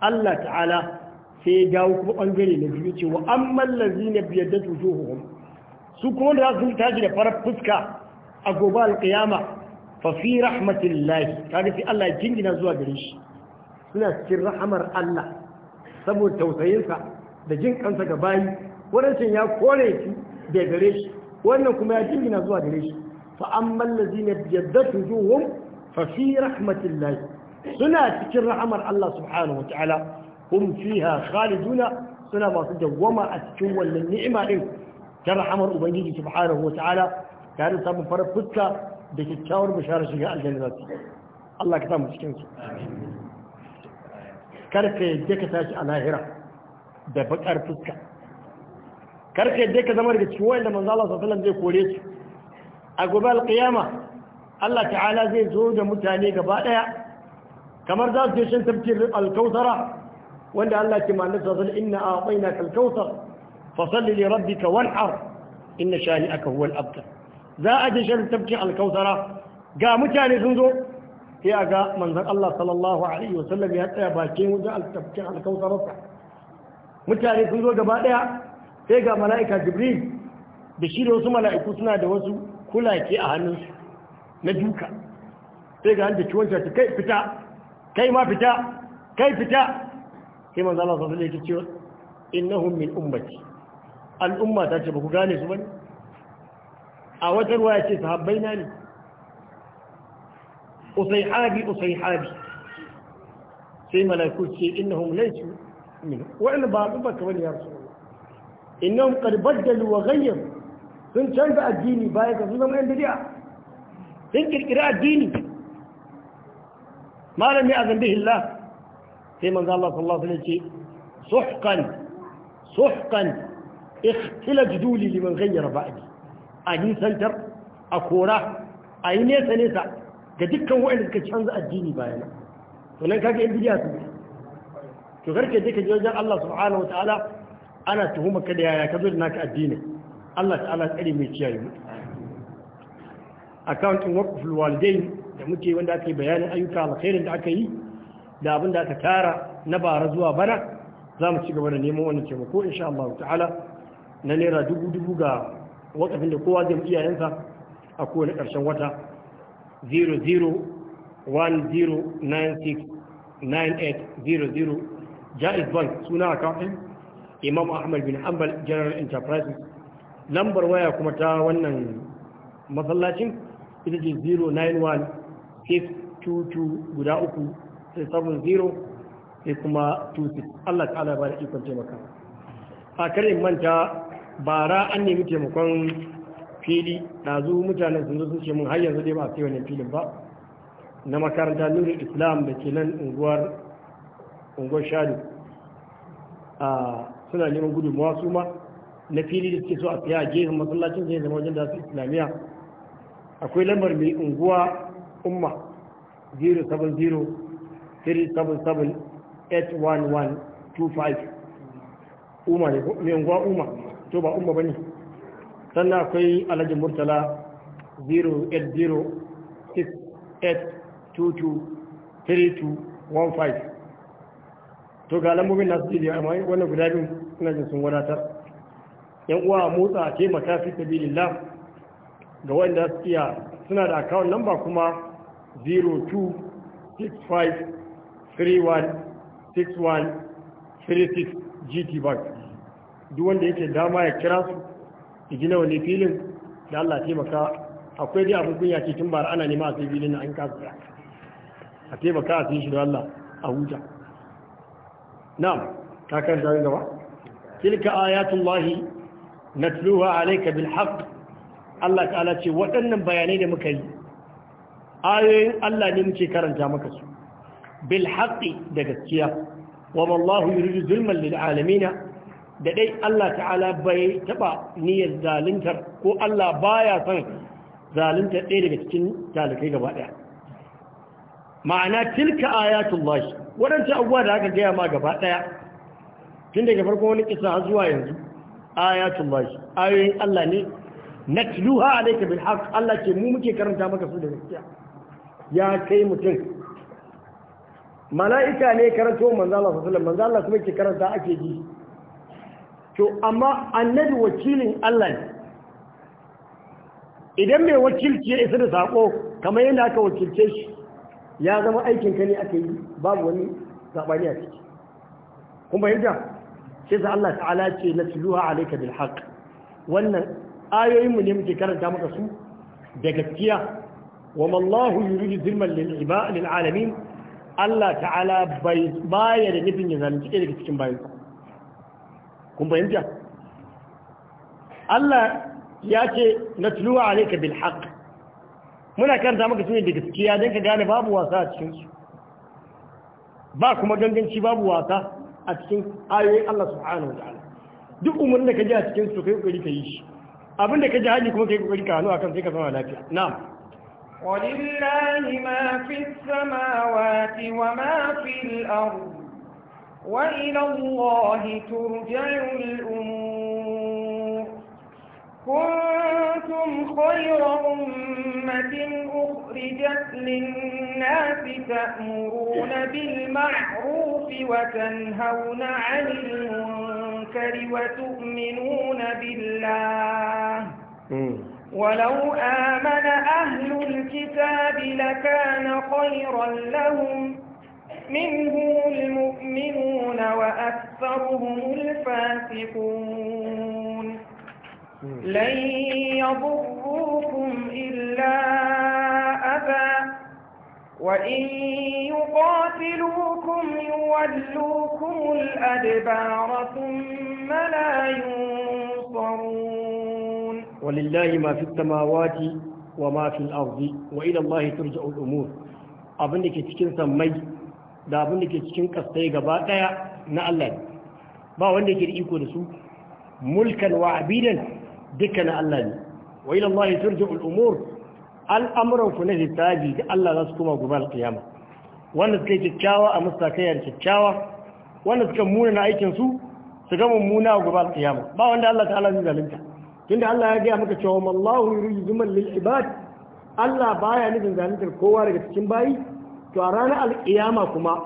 Allah ta'ala sai ya dawo kuma bangare na biyu ce wa amman lazina biyadda tujuhuhum su kuma da za su tashi da farar fuska a gobe alƙiyama fa fi rahmatillahi kaga sai Allah ya jingina zuwa gare shi suna cikin rahamar Allah saboda tausayinsa da jin kansa ga bayi wannan ya kore shi da gare shi wannan kuma ya jingina zuwa gare shi fa amman lazina biyadda tujuhuhum fa fi suna cikin rahamar Allah subhanahu wataala hum fiha khaliduna suna masu dawwama a cikin wannan ni'ima din ta rahamar ubangiji subhanahu wataala tare da samun farar fuska da kyakkyawar bisharar shiga aljanna Allah ka samu karka yadda ka tashi a lahira da bakar fuska karka yadda ka zama daga cikin wanda zai kore a gobe alqiyama Allah ta'ala zai zo da mutane gaba ɗaya kamar za su je shan tafkin alkautara wanda Allah ke ma'anar sassan inna a na kalkautar fasalli ne rabbi ka wal'ar inna shani aka huwal abta za a je shan tafkin alkautara ga mutane sun zo sai a ga manzan Allah sallallahu alaihi wasallam ya tsaya bakin wajen tafkin alkautararsa mutane sun zo gaba ɗaya, sai ga mala'ika jibril da shi da wasu mala'iku suna da wasu kulake a hannunsu na duka sai ga hanta ciwon ta kai fita kai ma fita kai fita sai manzo Allah sallallahu alaihi wasallam ya ce innahum min ummati al'umma ta ce ba ku gane su bane a wata ruwa ya ce sahabbai na ne usaihabi usaihabi sai malaiku ce innahum laysu min wa'in ba su baka bane ya rasu innahum qad baddalu wa ghayyaru sun canza addini baya ga sun zama yan bid'a sun kirkiri addini malami a zambihillah sai manzo Allah sallallahu alaihi wasallam ce suhqan suhqan ikhtila juduli liman ghayyara ba'di a nisantar a kora a yi nesa nesa ga dukkan waɗanda suka canza addini bayana to nan kaga in bidiya su to karke je ka je wajen Allah subhanahu wataala ana tuhuma ka da yaya ka zo da naka addini Allah ta'ala tsare mai kiyaye mu accounting waqful walidain da muke wanda aka yi bayanin ayyuka alkhairin da aka yi da abin da aka tara na bara zuwa bana za mu ci gaba da neman wani taimako insha Allah ta'ala na naira dubu dubu ga wakafin da kowa zai iyayensa a kowane ƙarshen wata 0010969800 Jaiz Bank suna akawai Imam Ahmad bin Hanbal General Enterprises lambar waya kuma ta wannan masallacin ita ce 091 622 guda uku sai sabon 0 kuma 26 Allah ta'ala ba da ikon taimaka a karin manta bara an nemi taimakon fili ɗazu mutanen sun zo sun ce mun har yanzu dai ba a wannan filin ba na makaranta nuri islam da ke nan unguwar unguwar shadu a suna neman gudunmawa su ma na fili da suke so a siya a gefen masallacin zai zama wajen da su islamiyya akwai lambar mai unguwa umma 070-377-81125 umma mai unguwa umma to ba umma ba ne sannan akwai alhaji murtala 080-6822-3215 to ga lambobin nasu jiri amma wannan guda biyu suna jin sun wadatar yan uwa motsa taimaka fi lillah ga wanda su suna da account number kuma 0265316136 GT Bank duk wanda yake dama ya kira su su gina wani filin da Allah taimaka akwai dai abin kunya ce tun bara ana nema a sai filin na an kasu a taimaka a sun shi da Allah a huta na'am ka kan gaba tilka ayatullahi natluha alayka bil haqq Allah ta'ala ce waɗannan bayanai da muka yi ayoyin Allah ne muke karanta maka su bil haqqi da gaskiya wa wallahu yuridu zulman lil alamin da dai Allah ta'ala bai taba niyyar zaluntar ko Allah baya son zaluntar ɗaya daga cikin talakai gaba ma'ana tilka ayatullahi waɗancan abubuwa da aka gaya ma gaba ɗaya tun daga wani kisa zuwa yanzu ayatul ayoyin Allah ne natluha alayka bil haqq Allah ce mu muke karanta maka su da gaskiya ya kai mutum mala'ika ne karanto manzo Allah sallallahu manzo Allah kuma ke karanta ake ji to amma annabi wakilin Allah ne idan mai wakilci ya isa da sako kamar yadda aka wakilce shi ya zama aikin ka ne aka yi babu wani sabani a ciki kuma yadda sai sa Allah ta'ala ce na tuluha alayka bil haqq wannan ayoyinmu ne muke karanta maka su da gaskiya wa mallahu yuridu zulman lil ibad lil alamin Allah ta'ala bai baya da nufin ya zalunci ɗaya daga cikin bayan kun fahimta Allah ya ce na tuluwa alaika bil haqq muna karanta maka su da gaskiya don ka gane babu wasa a cikinsu ba kuma ganganci babu wasa a cikin ayoyin Allah subhanahu wa ta'ala duk umarnin da ka ji a cikin su kai kokari ka yi shi abin da ka ji haji kuma kai kokari ka hannu akan sai ka ولله ما في السماوات وما في الأرض وإلى الله ترجع الأمور كنتم خير أمة أخرجت للناس تأمرون بالمعروف وتنهون عن المنكر المنكر وتؤمنون بالله ولو آمن أهل الكتاب لكان خيرا لهم منهم المؤمنون وأكثرهم الفاسقون لن يضروكم إلا أباً وإن يقاتلوكم يولوكم الأدبار ثم لا ينصرون ولله ما في السماوات وما في الأرض وإلى الله ترجع الأمور أبنك تكين سمي دا أبنك تكين قصيقة باقا نألا با وانده كريكو نسو ملكا وعبيدا دكنا ألا وإلى الله ترجع الأمور al'amuranku na hisabi da Allah za su koma gobe kiyama wanda suka yi kyakkyawa a mustakayar kyakkyawa wanda suka muna na aikinsu su gama muna a gobe kiyama ba wanda Allah ta'ala zai zalunta tunda Allah ya gaya maka cewa mallahu yuridu zuman lil ibad Allah baya nufin zaluntar kowa daga cikin bayi to a ranar alƙiyama kuma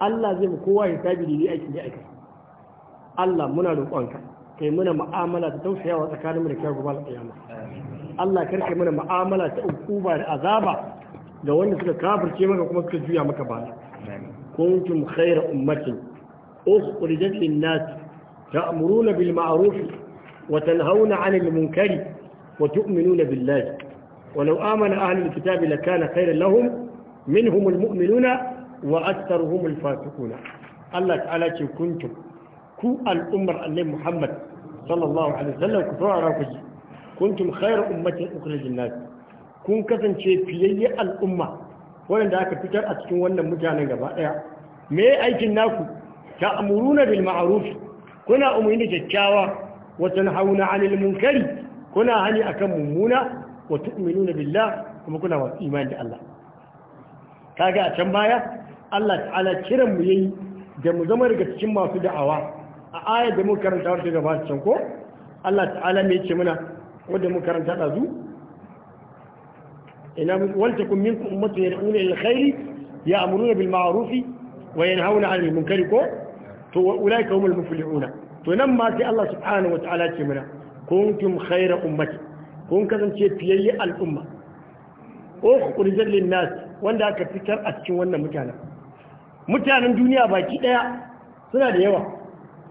Allah zai mu kowa hisabi da yi aiki da aiki Allah muna roƙonka kai muna mu'amala da tausayawa tsakaninmu da kyau gobe alƙiyama Allah karka mana mu'amala ta ukuba da azaba ga wanda suka kafirce maka kuma suka juya maka baya kuntum khayra ummatin ukhrijat lin-nas ta'muruna bil ma'ruf wa tanhauna 'anil munkari wa tu'minuna billahi walau amana ahlul kitabi lakana khayran lahum minhumul mu'minuna wa aktharuhumul fasiquna Allah ta'ala ce kuntum ku al'ummar annabi Muhammad sallallahu alaihi wasallam ku saurara ku ji kuntum khairu ummatin ukhrijin nas kun kasance fiyayye al'umma wanda aka fitar a cikin wannan mutanen gaba daya me aikin naku ta'muruna bil ma'ruf kuna umarni da kyakkyawa wa tanhauna 'anil munkari kuna hani akan mummuna wa tu'minuna billah kuma kuna wa imani da Allah kaga a can baya Allah ta'ala kiran mu yayi da mu zama daga cikin masu da'awa a ayar da muka karanta wata gaba can ko Allah ta'ala me yake muna wadda mun karanta ɗazu ina walta kun minkum ummatu ya yad'una ila alkhairi ya'muruna bil ma'ruf wa yanhauna 'anil munkari ko to ulaika humul muflihuna to nan ma sai Allah subhanahu wa wataala ce mana kuntum khayra ummati kun kasance fiyayye al'umma ukhrijat lin nas wanda aka fitar a cikin wannan mutanen mutanen duniya baki daya suna da yawa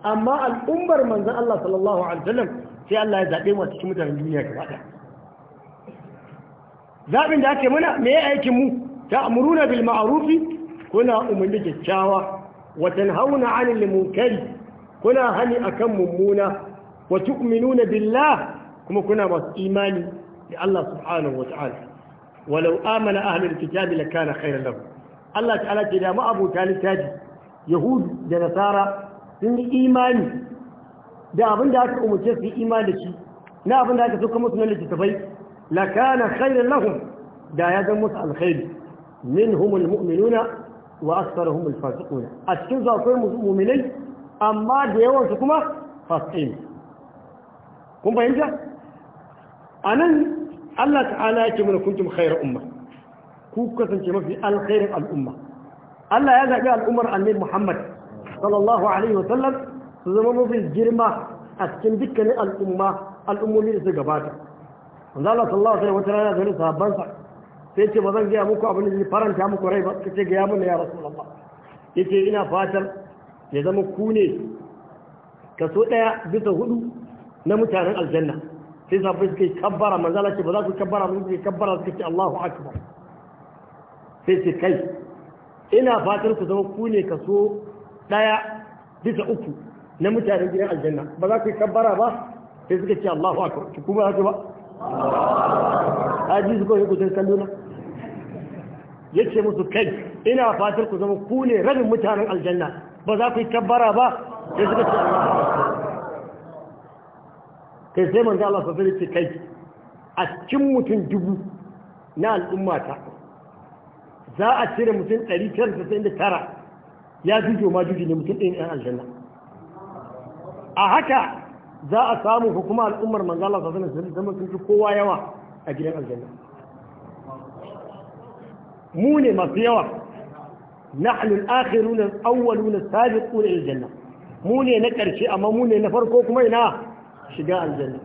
amma al'ummar manzan Allah sallallahu alaihi wasallam sai Allah ya zaɓe mu a cikin mutanen duniya gaba ɗaya zaɓin da ake mana me ya aikin mu ta amuruna bil ma'arufi kuna umarni kyakkyawa wa tanhauna 'anil munkari kuna hani akan mummuna wa tu'minuna billah kuma kuna masu imani da Allah subhanahu wa ta'ala walau amana ahlul kitabi lakana khairan lahum Allah ta'ala ce da ma abuta littafi yahudu da nasara sun yi imani da abin da aka umarce su yi imani da shi na abin da aka so kuma sunan littattafai la kana khairan lahum da ya zama musu alkhairi minhum almu'minuna wa aktharuhum alfasiquna a cikin su akwai mu'minai amma da yawan su kuma fasiqin kun fahimta anan Allah ta'ala yake mana kuntum khairu umma ku kasance mafi alkhairin al'umma Allah ya zabi al'ummar annabi Muhammad sallallahu alaihi wa sallam su zama mafi girma a cikin dukkanin al'umma al'ummomi da su gabata Zala sallawa sai wata rana yana ganin sahabbansa sai ce ba zan gaya muku abin da zai faranta muku rai ba kace ga ya mun ya ce ina fatar ya zama ku ne kaso ɗaya bisa hudu na mutanen aljanna sai sahabbai suka yi kabbara ma zala ce ba za ku kabbara mun suke kabbara suka ce Allahu akbar sai ce kai ina fatar ku zama ku ne kaso ɗaya bisa uku na mutanen gidan aljanna ba za ku yi kabbara ba sai suka ce Allahu akbar ki kuma haka ba haji su kawai kusan kalluna yace musu kai ina fatar ku zama ku ne rabin mutanen aljanna ba za ku yi kabbara ba sai suka ce Allahu akbar kai sai manzo Allah sallallahu alaihi wasallam kai a cikin mutum dubu na al'ummata za a cire mutum 999 ya jujo ma juji ne mutum ɗin ɗan aljanna a haka za a samu ko kuma al'ummar manzo Allah sallallahu alaihi wasallam sun fi kowa yawa a gidan aljanna mu ne masu yawa nahnu al-akhirun al-awwalun as-sabiqun ila al-janna mu ne na karshe amma mu ne na farko kuma ina shiga aljanna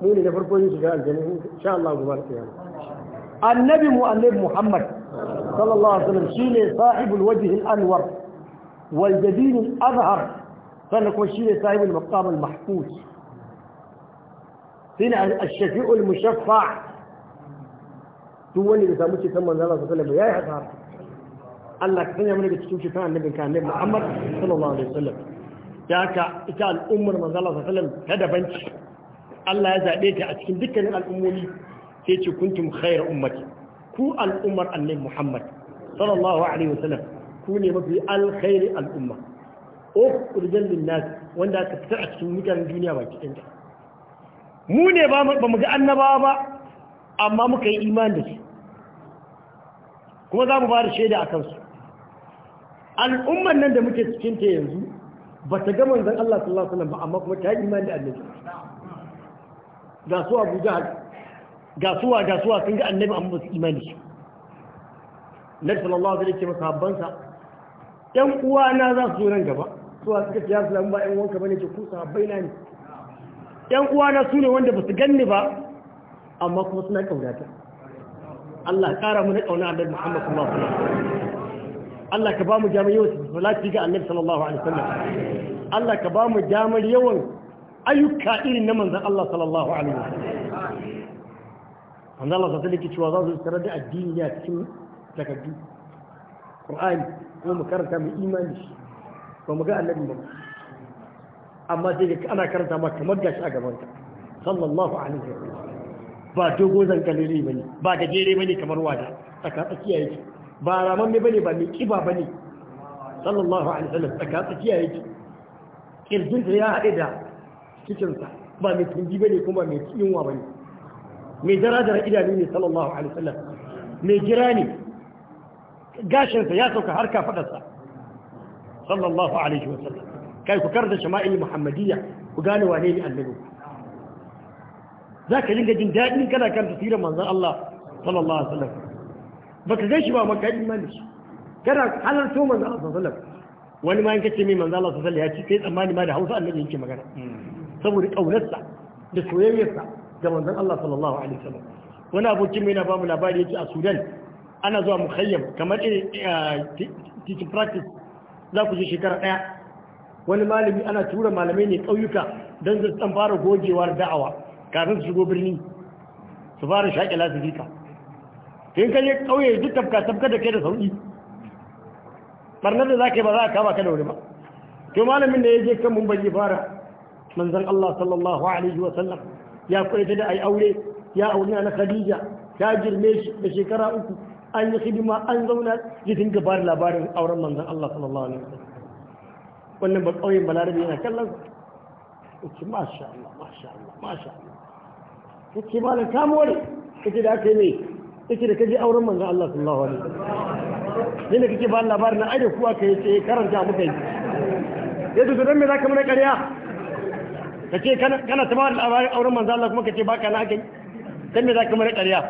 mu ne na farko yin shiga aljanna insha Allah gobe kiyama annabi mu annabi Muhammad sallallahu alaihi wasallam shine sahibul wajh al-anwar والجديد الأظهر قال فنكون شيء صاحب المقام المحفوظ فينا الشفيع المشفع اللي بسامتش ثم الله صلى الله عليه وسلم يا قال لك الله من منك تشوف شفاء النبي كان نبي محمد صلى الله عليه وسلم جاءك إتاء الأمة من الله صلى الله عليه وسلم هذا بنت الله إذا أديك أتكين بك من الأمة كنتم خير أمتي كو الأمة النبي محمد صلى الله عليه وسلم Ku ne mafi alkhairi al'umma O oh, ukhrijal linnas wanda aka fitar a cikin mutanen duniya baki ɗinta mu ne ba mu ga annabawa ba amma muka yi imani da su kuma za mu ba da shaida a kansu al'umman nan da muke cikin ta yanzu ba ta ga manzon Allah sallallahu alaihi wasallam ba amma kuma ta yi imani da annabi ga su Abu Jahal ga suwa ga suwa sun ga annabi amma ba su imani shi Nabi sallallahu alaihi wasallam ya ce masahabbansa yan na za su zo nan gaba su a suka fiya su ba yan wanka bane ke kusa bai na ne yan uwana su ne wanda ba su ganni ba amma kuma suna ƙaunata Allah ƙara mu na ƙauna Annabi Muhammad sallallahu alaihi wasallam Allah ka ba mu jami'a yawan salati ga Annabi sallallahu alaihi wasallam Allah ka ba mu jami'a yawan ayyuka irin na manzon Allah sallallahu alaihi wasallam manzon Allah sallallahu alaihi wasallam ke cewa za su tarar da addini a cikin takaddu Qur'ani ko mu karanta mu imani shi ba mu ga annabi ba amma sai ana karanta ma kamar gashi a gaban ka sallallahu alaihi wa sallam ba dogo zankalili bane ba gajere bane kamar wada tsaka tsakiya yake ba raman ne bane ba mai kiba bane sallallahu alaihi wa sallam tsaka tsakiya yake kirjinsa ya haɗe da cikinsa ba mai tunji bane kuma mai yunwa bane mai darajar idanu ne sallallahu alaihi wa sallam mai jira ne gashinsa ya sauka har kafadarsa sallallahu alaihi wasallam kai ku karda shama'il muhammadiyya ku gane wane ne annabi za ka dinga jin daɗin kana kan tasirin manzon Allah sallallahu alaihi wasallam baka gan shi ba maka imani shi kana halarto manzon Allah sallallahu alaihi wasallam wani ma yanka ce mai manzon Allah sallallahu alaihi wasallam ya ce? kai tsammani ma da Hausa annabi yake magana saboda kaunarsa da soyayyarsa ga manzon Allah sallallahu alaihi wasallam wani abokin mai na bamu labari yake a Sudan ana zuwa mukhayyam kamar eh, teaching practice za ku je shekara ɗaya wani malami ana tura malamai ne ƙauyuka don su ɗan fara gogewar da'awa kafin su shigo birni su fara shaƙe lasifika to in kaje ƙauye duk tafka tafka da kai da sauƙi barnar da za ka yi ba za a kama ka da wani ba to malamin da ya je kan mumbai ya fara manzon Allah sallallahu alaihi wa sallam ya kwaita da ai aure ya aure na Khadija ta girme shi da shekara uku an yi hidima an zauna ya dinga ba labarin auren manzan Allah sallallahu alaihi wasallam wannan ba kauyen balarabe yana kallon yace masha Allah masha Allah masha Allah yace malam ka more kace da aka yi mai yace da kaje auren manzan Allah sallallahu alaihi wasallam ne kake ba labarin ai da kuwa kai yace karanta muka yi yace to dan me zaka mana ƙarya kace kana kana ta ba labarin auren manzan Allah kuma kace ka na kai dan me zaka mana ƙarya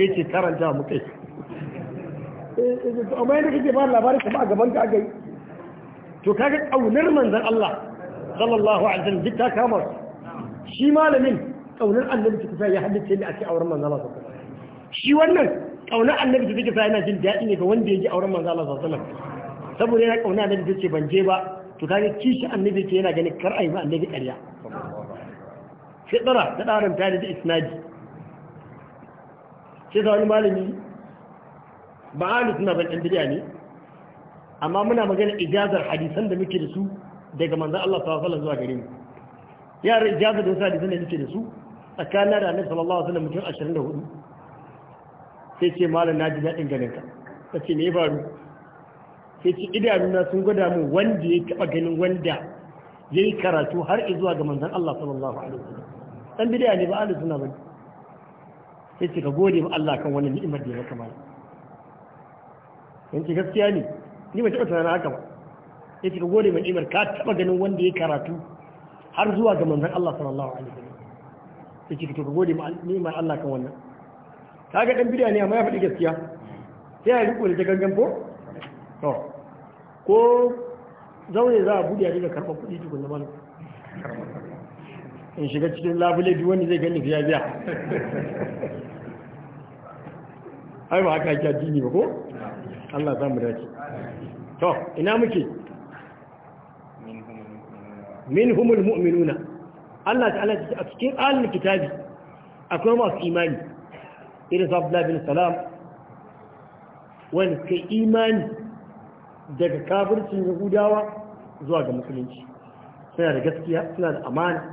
kai ce karanta muka yi amma yadda kake ba labarin ka ba gaban ka aka yi to kaga kaunar manzon Allah sallallahu alaihi wasallam duk ta kama shi malamin kaunar annabi ta kusa ya haddace ne a cikin auren manzon Allah sallallahu alaihi wasallam shi wannan kaunar annabi ta kusa yana jin daɗi ne ga wanda ya ji auren manzon Allah sallallahu alaihi wasallam saboda yana kauna annabi ta ce ban je ba to kaga kishi annabi ke yana ganin kar a yi ma annabi ƙarya fitara ta ɗarin tare da isnadi sai da wani malami ba ahlu suna ban ɗan ne amma muna magana ijazar hadisan da muke da su daga manzan Allah sallallahu alaihi zuwa gare mu yara ijazar da wasu hadisan da muke da su tsakanin da annabi sallallahu alaihi wasallam mutum ashirin da hudu sai ce malam na ji daɗin ganin ka ta ce me ya faru sai ce idanuna sun gwada mu wanda ya taɓa ganin wanda ya yi karatu har zuwa ga manzan Allah sallallahu alaihi wasallam Ɗan bidiya ne ba ahlu suna bane sai ce ka gode ma Allah kan wani ni'imar da ya maka yanki gaskiya ne ni mai taɓa tunanin haka ba ya ce ka gode mai imar ka taɓa ganin wanda ya karatu har zuwa ga manzan Allah sallallahu alaihi sallam ya ce ka gode mai imar Allah kan wannan ka ga ɗan bidiya ne amma ya faɗi gaskiya sai ya riko da ta gangan ko to ko zaune za a buɗe a daga karɓar kuɗi tukun da in shiga cikin labule biyu wani zai gani biya biya ai ba haka ake addini ba ko Allah za mu dace to ina muke min humul mu'minuna Allah ta'ala a cikin alin kitabi akwai masu imani irin sabla bin salam wanda suka imani daga kafircin yahudawa zuwa ga musulunci suna da gaskiya suna da amana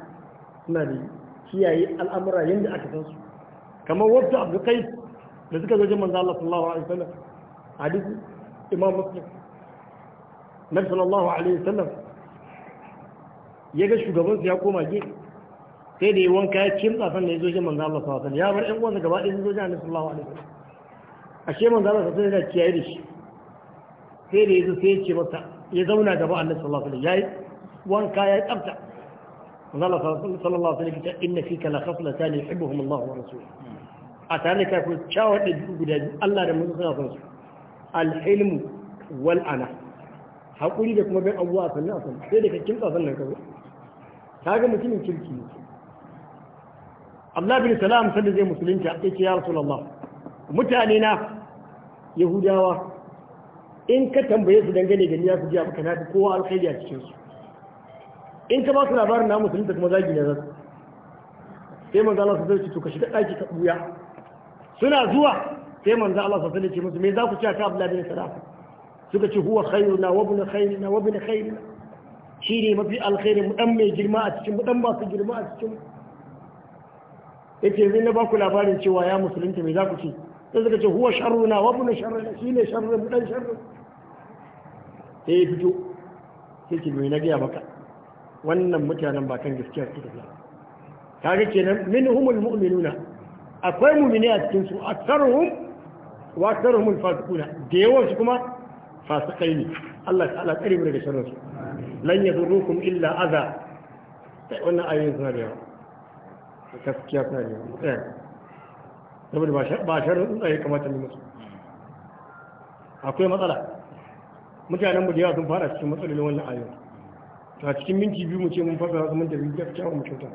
suna da kiyaye al'amura yadda aka san su kamar wadda abu kai da suka zo jin manzo Allah sallallahu alaihi wasallam hadisi imam muslim nabi sallallahu alaihi wasallam ya yaga shugaban ya koma gefe sai da yi wanka ya kimtsa sannan ya zoje shi manzo ya bar yan uwansa gaba ɗaya sun zo shi annabi sallallahu alaihi wasallam ashe manzo Allah sallallahu da shi sai da ya zo sai ya ce masa ya zauna gaba annabi sallallahu alaihi wasallam yayi wanka ya tsafta manzo Allah sallallahu alaihi ya ce inna fika la Allah wa a tare da kai ku da guda biyu Allah da manzo sallallahu alaihi alhilmu wal ana haƙuri da kuma bin abuwa sannan a sannan sai da kakkin tsasan nan kazo ta ga mutumin kirki ne Allah bin salam sanda zai musulunci a ce ya Rasulullah mutane na Yahudawa in ka tambaye su dangane da niyyar su ji abuka na kowa alkhairi a cikin su in ka ba su labarin na musulunta kuma zagi ne zasu sai manzo Allah su zai to ka shiga daki ka buya suna zuwa sai manzo Allah sallallahu alaihi wasallam ya ce musu me za ku ci aka Abdullah bin Salam suka ce huwa khayruna wa ibn khayrina wa ibn khayrina shine mafi alkhairi mu dan mai girma a cikin mu dan ba su girma a cikin yace yanzu na ba ku labarin cewa ya musulunta me za ku ci sai suka ce huwa sharruna wa ibn sharrina shine sharrin mu dan sharrin sai ya fito sai ce me na ga maka wannan mutanen ba kan gaskiya suke tafiya kaga kenan minhumul mu'minuna akwai mu'mini a cikin su aktsaruhum wa sarhumul fasikuna da yawan su kuma fasikai ne Allah ta'ala kare mu daga sharrin su lan yadurrukum illa adha sai wannan ayoyin suna da yawa gaskiya suna da yawa saboda ba sharrin tsuntsaye kamata ne musu akwai matsala mutanen mu da yawa sun fara cikin matsalolin wannan ayoyin ta cikin minti biyu mu ce mun fasa su mun tafi gaskiya mu kyauta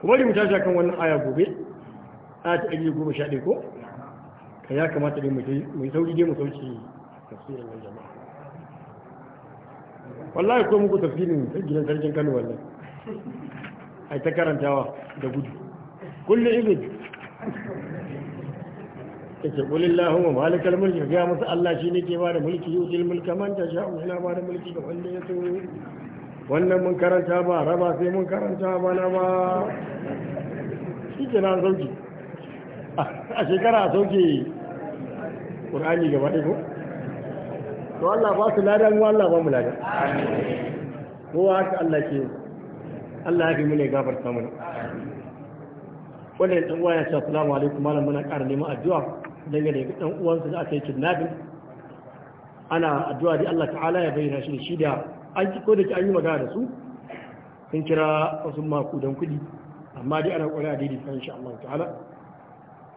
kuma da mu tashi kan wannan aya gobe a ta ajiye goma sha ɗaya ko ka ya kamata ne mai sauri dai mu sauci tafsirin nan jama'a wallahi ko muku tafsirin gidan sarkin Kano wallahi ai ta karantawa da gudu kullu ibid kace qul wa malikal mulki ya musu Allah shi ne ke bada mulki yutil mulka man tasha wa ila bada mulki ga wanda ya so wannan mun karanta ba raba sai mun karanta ba na ba shi ke sauki a shekara a sauke ƙur'ani gaba ɗaya ko to Allah ba su lada mu Allah ba mu lada kowa haka Allah ke Allah ya fi mu ne gafarta mu Wanda dan uwa ya ce assalamu alaikum malam muna ƙara neman addu'a dangane da dan uwansa da aka yi kidnapping ana addu'a da Allah ta'ala ya bayyana shi shi da an ko da an yi magana da su sun kira wasu maku don kuɗi amma dai ana ƙwarai a daidai insha Allah ta'ala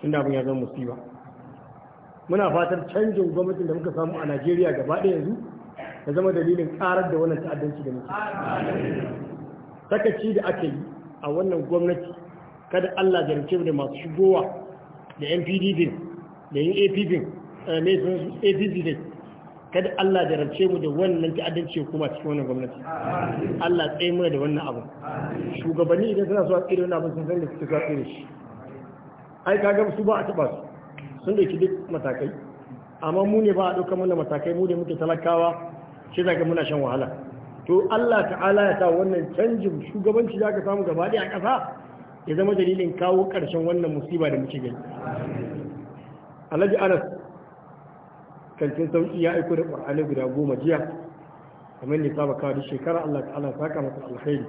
tun da abin ya zama musiba muna fatar canjin gwamnatin da muka samu a najeriya gaba ɗaya yanzu ya zama dalilin karar da wannan ta'addanci da muke sakaci da aka yi a wannan gwamnati kada allah jarumce da masu shigowa da NPD din da yin apb ne eh, sun AP din kada allah jarumce mu da wannan ta'addanci kuma cikin wannan gwamnati allah tsaye mu da wannan abu shugabanni idan suna so a tsere wannan abin sun san da suke so a tsere shi ai kaga su ba a taɓa su sun dauki duk matakai amma mu ne ba a ɗauka mana matakai mu ne muke talakawa shi daga muna shan wahala to Allah ta'ala ya sa wannan canjin shugabanci da aka samu gaba ɗaya a ƙasa ya zama dalilin kawo ƙarshen wannan musiba da muke gani alhaji anas kan cin sauki ya aiko da ƙwar'ani guda goma jiya kamar ne saba kawo da shekara Allah ta'ala ya saka masa alkhairi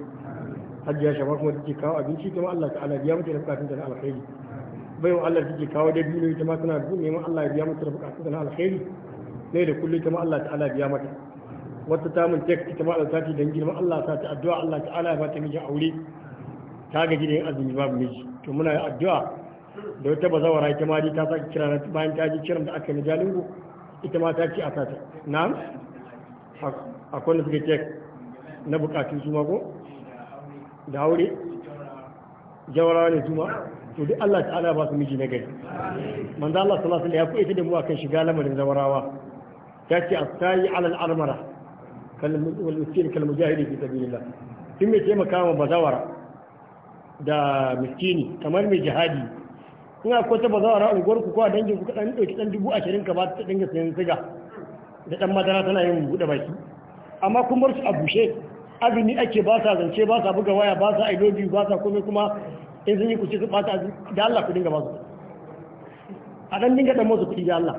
hajji ya shafa kuma take kawo abinci kuma Allah ta'ala ya mutu da bukatun da alkhairi wa Allah take kawo da biyu ita ma tana da ma Allah ya biya mata da bukatu na alkhairi ne da kullu ita ma Allah ta'ala biya mata wata ta mun take ita ma Allah ta dan girman Allah ta ta addu'a Allah ta'ala ba ta miji aure ta ga gidan azumi babu miji to muna addu'a da wata bazawara ita ma ta saki kira bayan ta ji kiran da aka yi jalingo ita ma ta ce a sata na'am akwai da suka tek na bukatun su ma ko da aure jawarawa ne su ma to duk Allah ta'ala ba su miji na gari manzo Allah sallallahu alaihi wasallam ya koyi da mu akan shiga lamarin zawarawa yace astayi ala al-armara kal wal miskin kal mujahidi fi sabilillah kin me taimaka ma bazawara da miskini kamar mai jihadi in akwai ta bazawara unguwar ku ko a dangin ku kadan dauki dan dubu ashirin ka ba ta dinga sayan siga da dan madara tana yin bude baki amma kun bar su a bushe ni ake ba sa zance ba sa buga waya ba sa i love you ba sa komai kuma in sun yi ku su bata da Allah ku dinga ba su a dan dinga dan musu kuɗi da Allah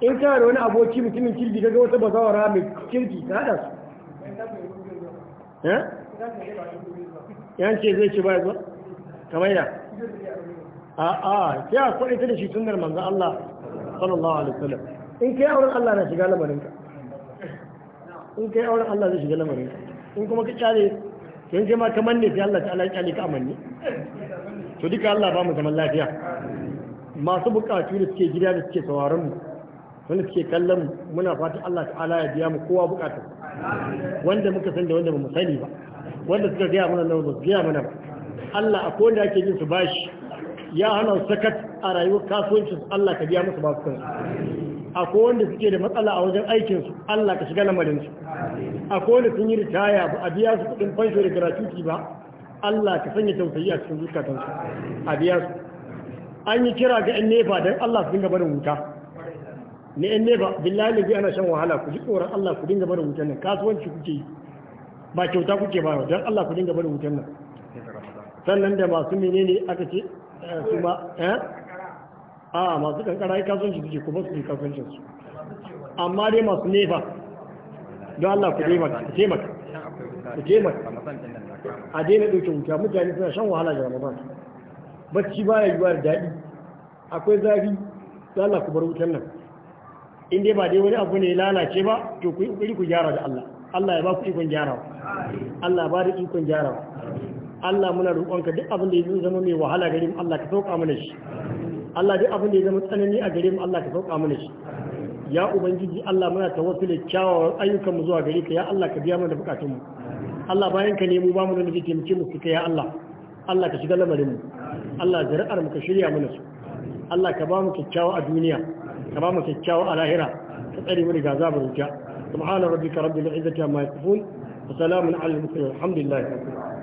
in kana da wani aboki mutumin kirki kaga wata bazawara mai kirki ka hada su eh? yan ce zai ci ba zuwa kamar ya a a sai a kwaɗe ta da shi sunnar manzan Allah sallallahu alaihi wasallam in kai auren Allah na shiga lamarin ka. in kai auren Allah zai shiga lamarin ka. in kuma ka kyale sun je ma kamar ne sai Allah ta'ala ya kyale ka amanni to duka Allah ba mu zaman lafiya masu bukatu da suke gida da suke sauraron mu wanda suke kallon mu muna fatan Allah ta'ala ya biya mu kowa bukatu wanda muka san da wanda ba mu sani ba wanda suka gaya mana nan ba su gaya mana ba Allah a kowanne ake jin su bashi ya hana sakat a rayuwar su Allah ka biya musu ba su kansu a kowanda suke da matsala a wajen aikinsu Allah ka shiga lamarin su. a kowane sun yi ritaya ba a biya su kudin fansho da gratuity ba Allah ka sanya tausayi a cikin zukatansu a biya su an yi kira ga yan nefa don Allah su dinga barin wuta ne yan nefa billahi ne ana shan wahala ku ji tsoron Allah ku dinga barin wutan nan kasuwanci kuke yi ba kyauta kuke ba don Allah ku dinga barin wutan nan sannan da masu menene aka ce eh, su ma eh a ah, masu kankara kasuwanci kuke kuma su yi kasuwancin su amma dai masu nefa don Allah ku taimaka ku taimaka ku taimaka a daina ɗauke wuta mutane suna shan wahala da ramadan bacci ya yi da daɗi akwai zafi don Allah ku bar wutan nan in dai ba dai wani abu ne lalace ba to ku yi ku gyara da Allah Allah ya ba ku ikon gyarawa Allah ba da ikon gyarawa Allah muna roƙonka duk abin da ya zama mai wahala gare mu Allah ka sauka mana shi Allah duk abin da ya zama tsanani a gare mu Allah ka sauka mana shi ya ubangiji Allah muna tawassule kyawawan ayyukan mu zuwa gare ka ya Allah ka biya mana da bukatunmu mu Allah bayan ka ne mu ba mu da nake taimake mu suka ya Allah Allah ka shiga lamarin mu Allah zuri'ar mu ka shirya mana su Allah ka ba mu kyakkyawa a duniya ka ba mu kyakkyawa a lahira ka tsare mu daga azabar wuta subhana rabbika rabbil izzati amma yasifun wa salamun alal mursalin alhamdulillahi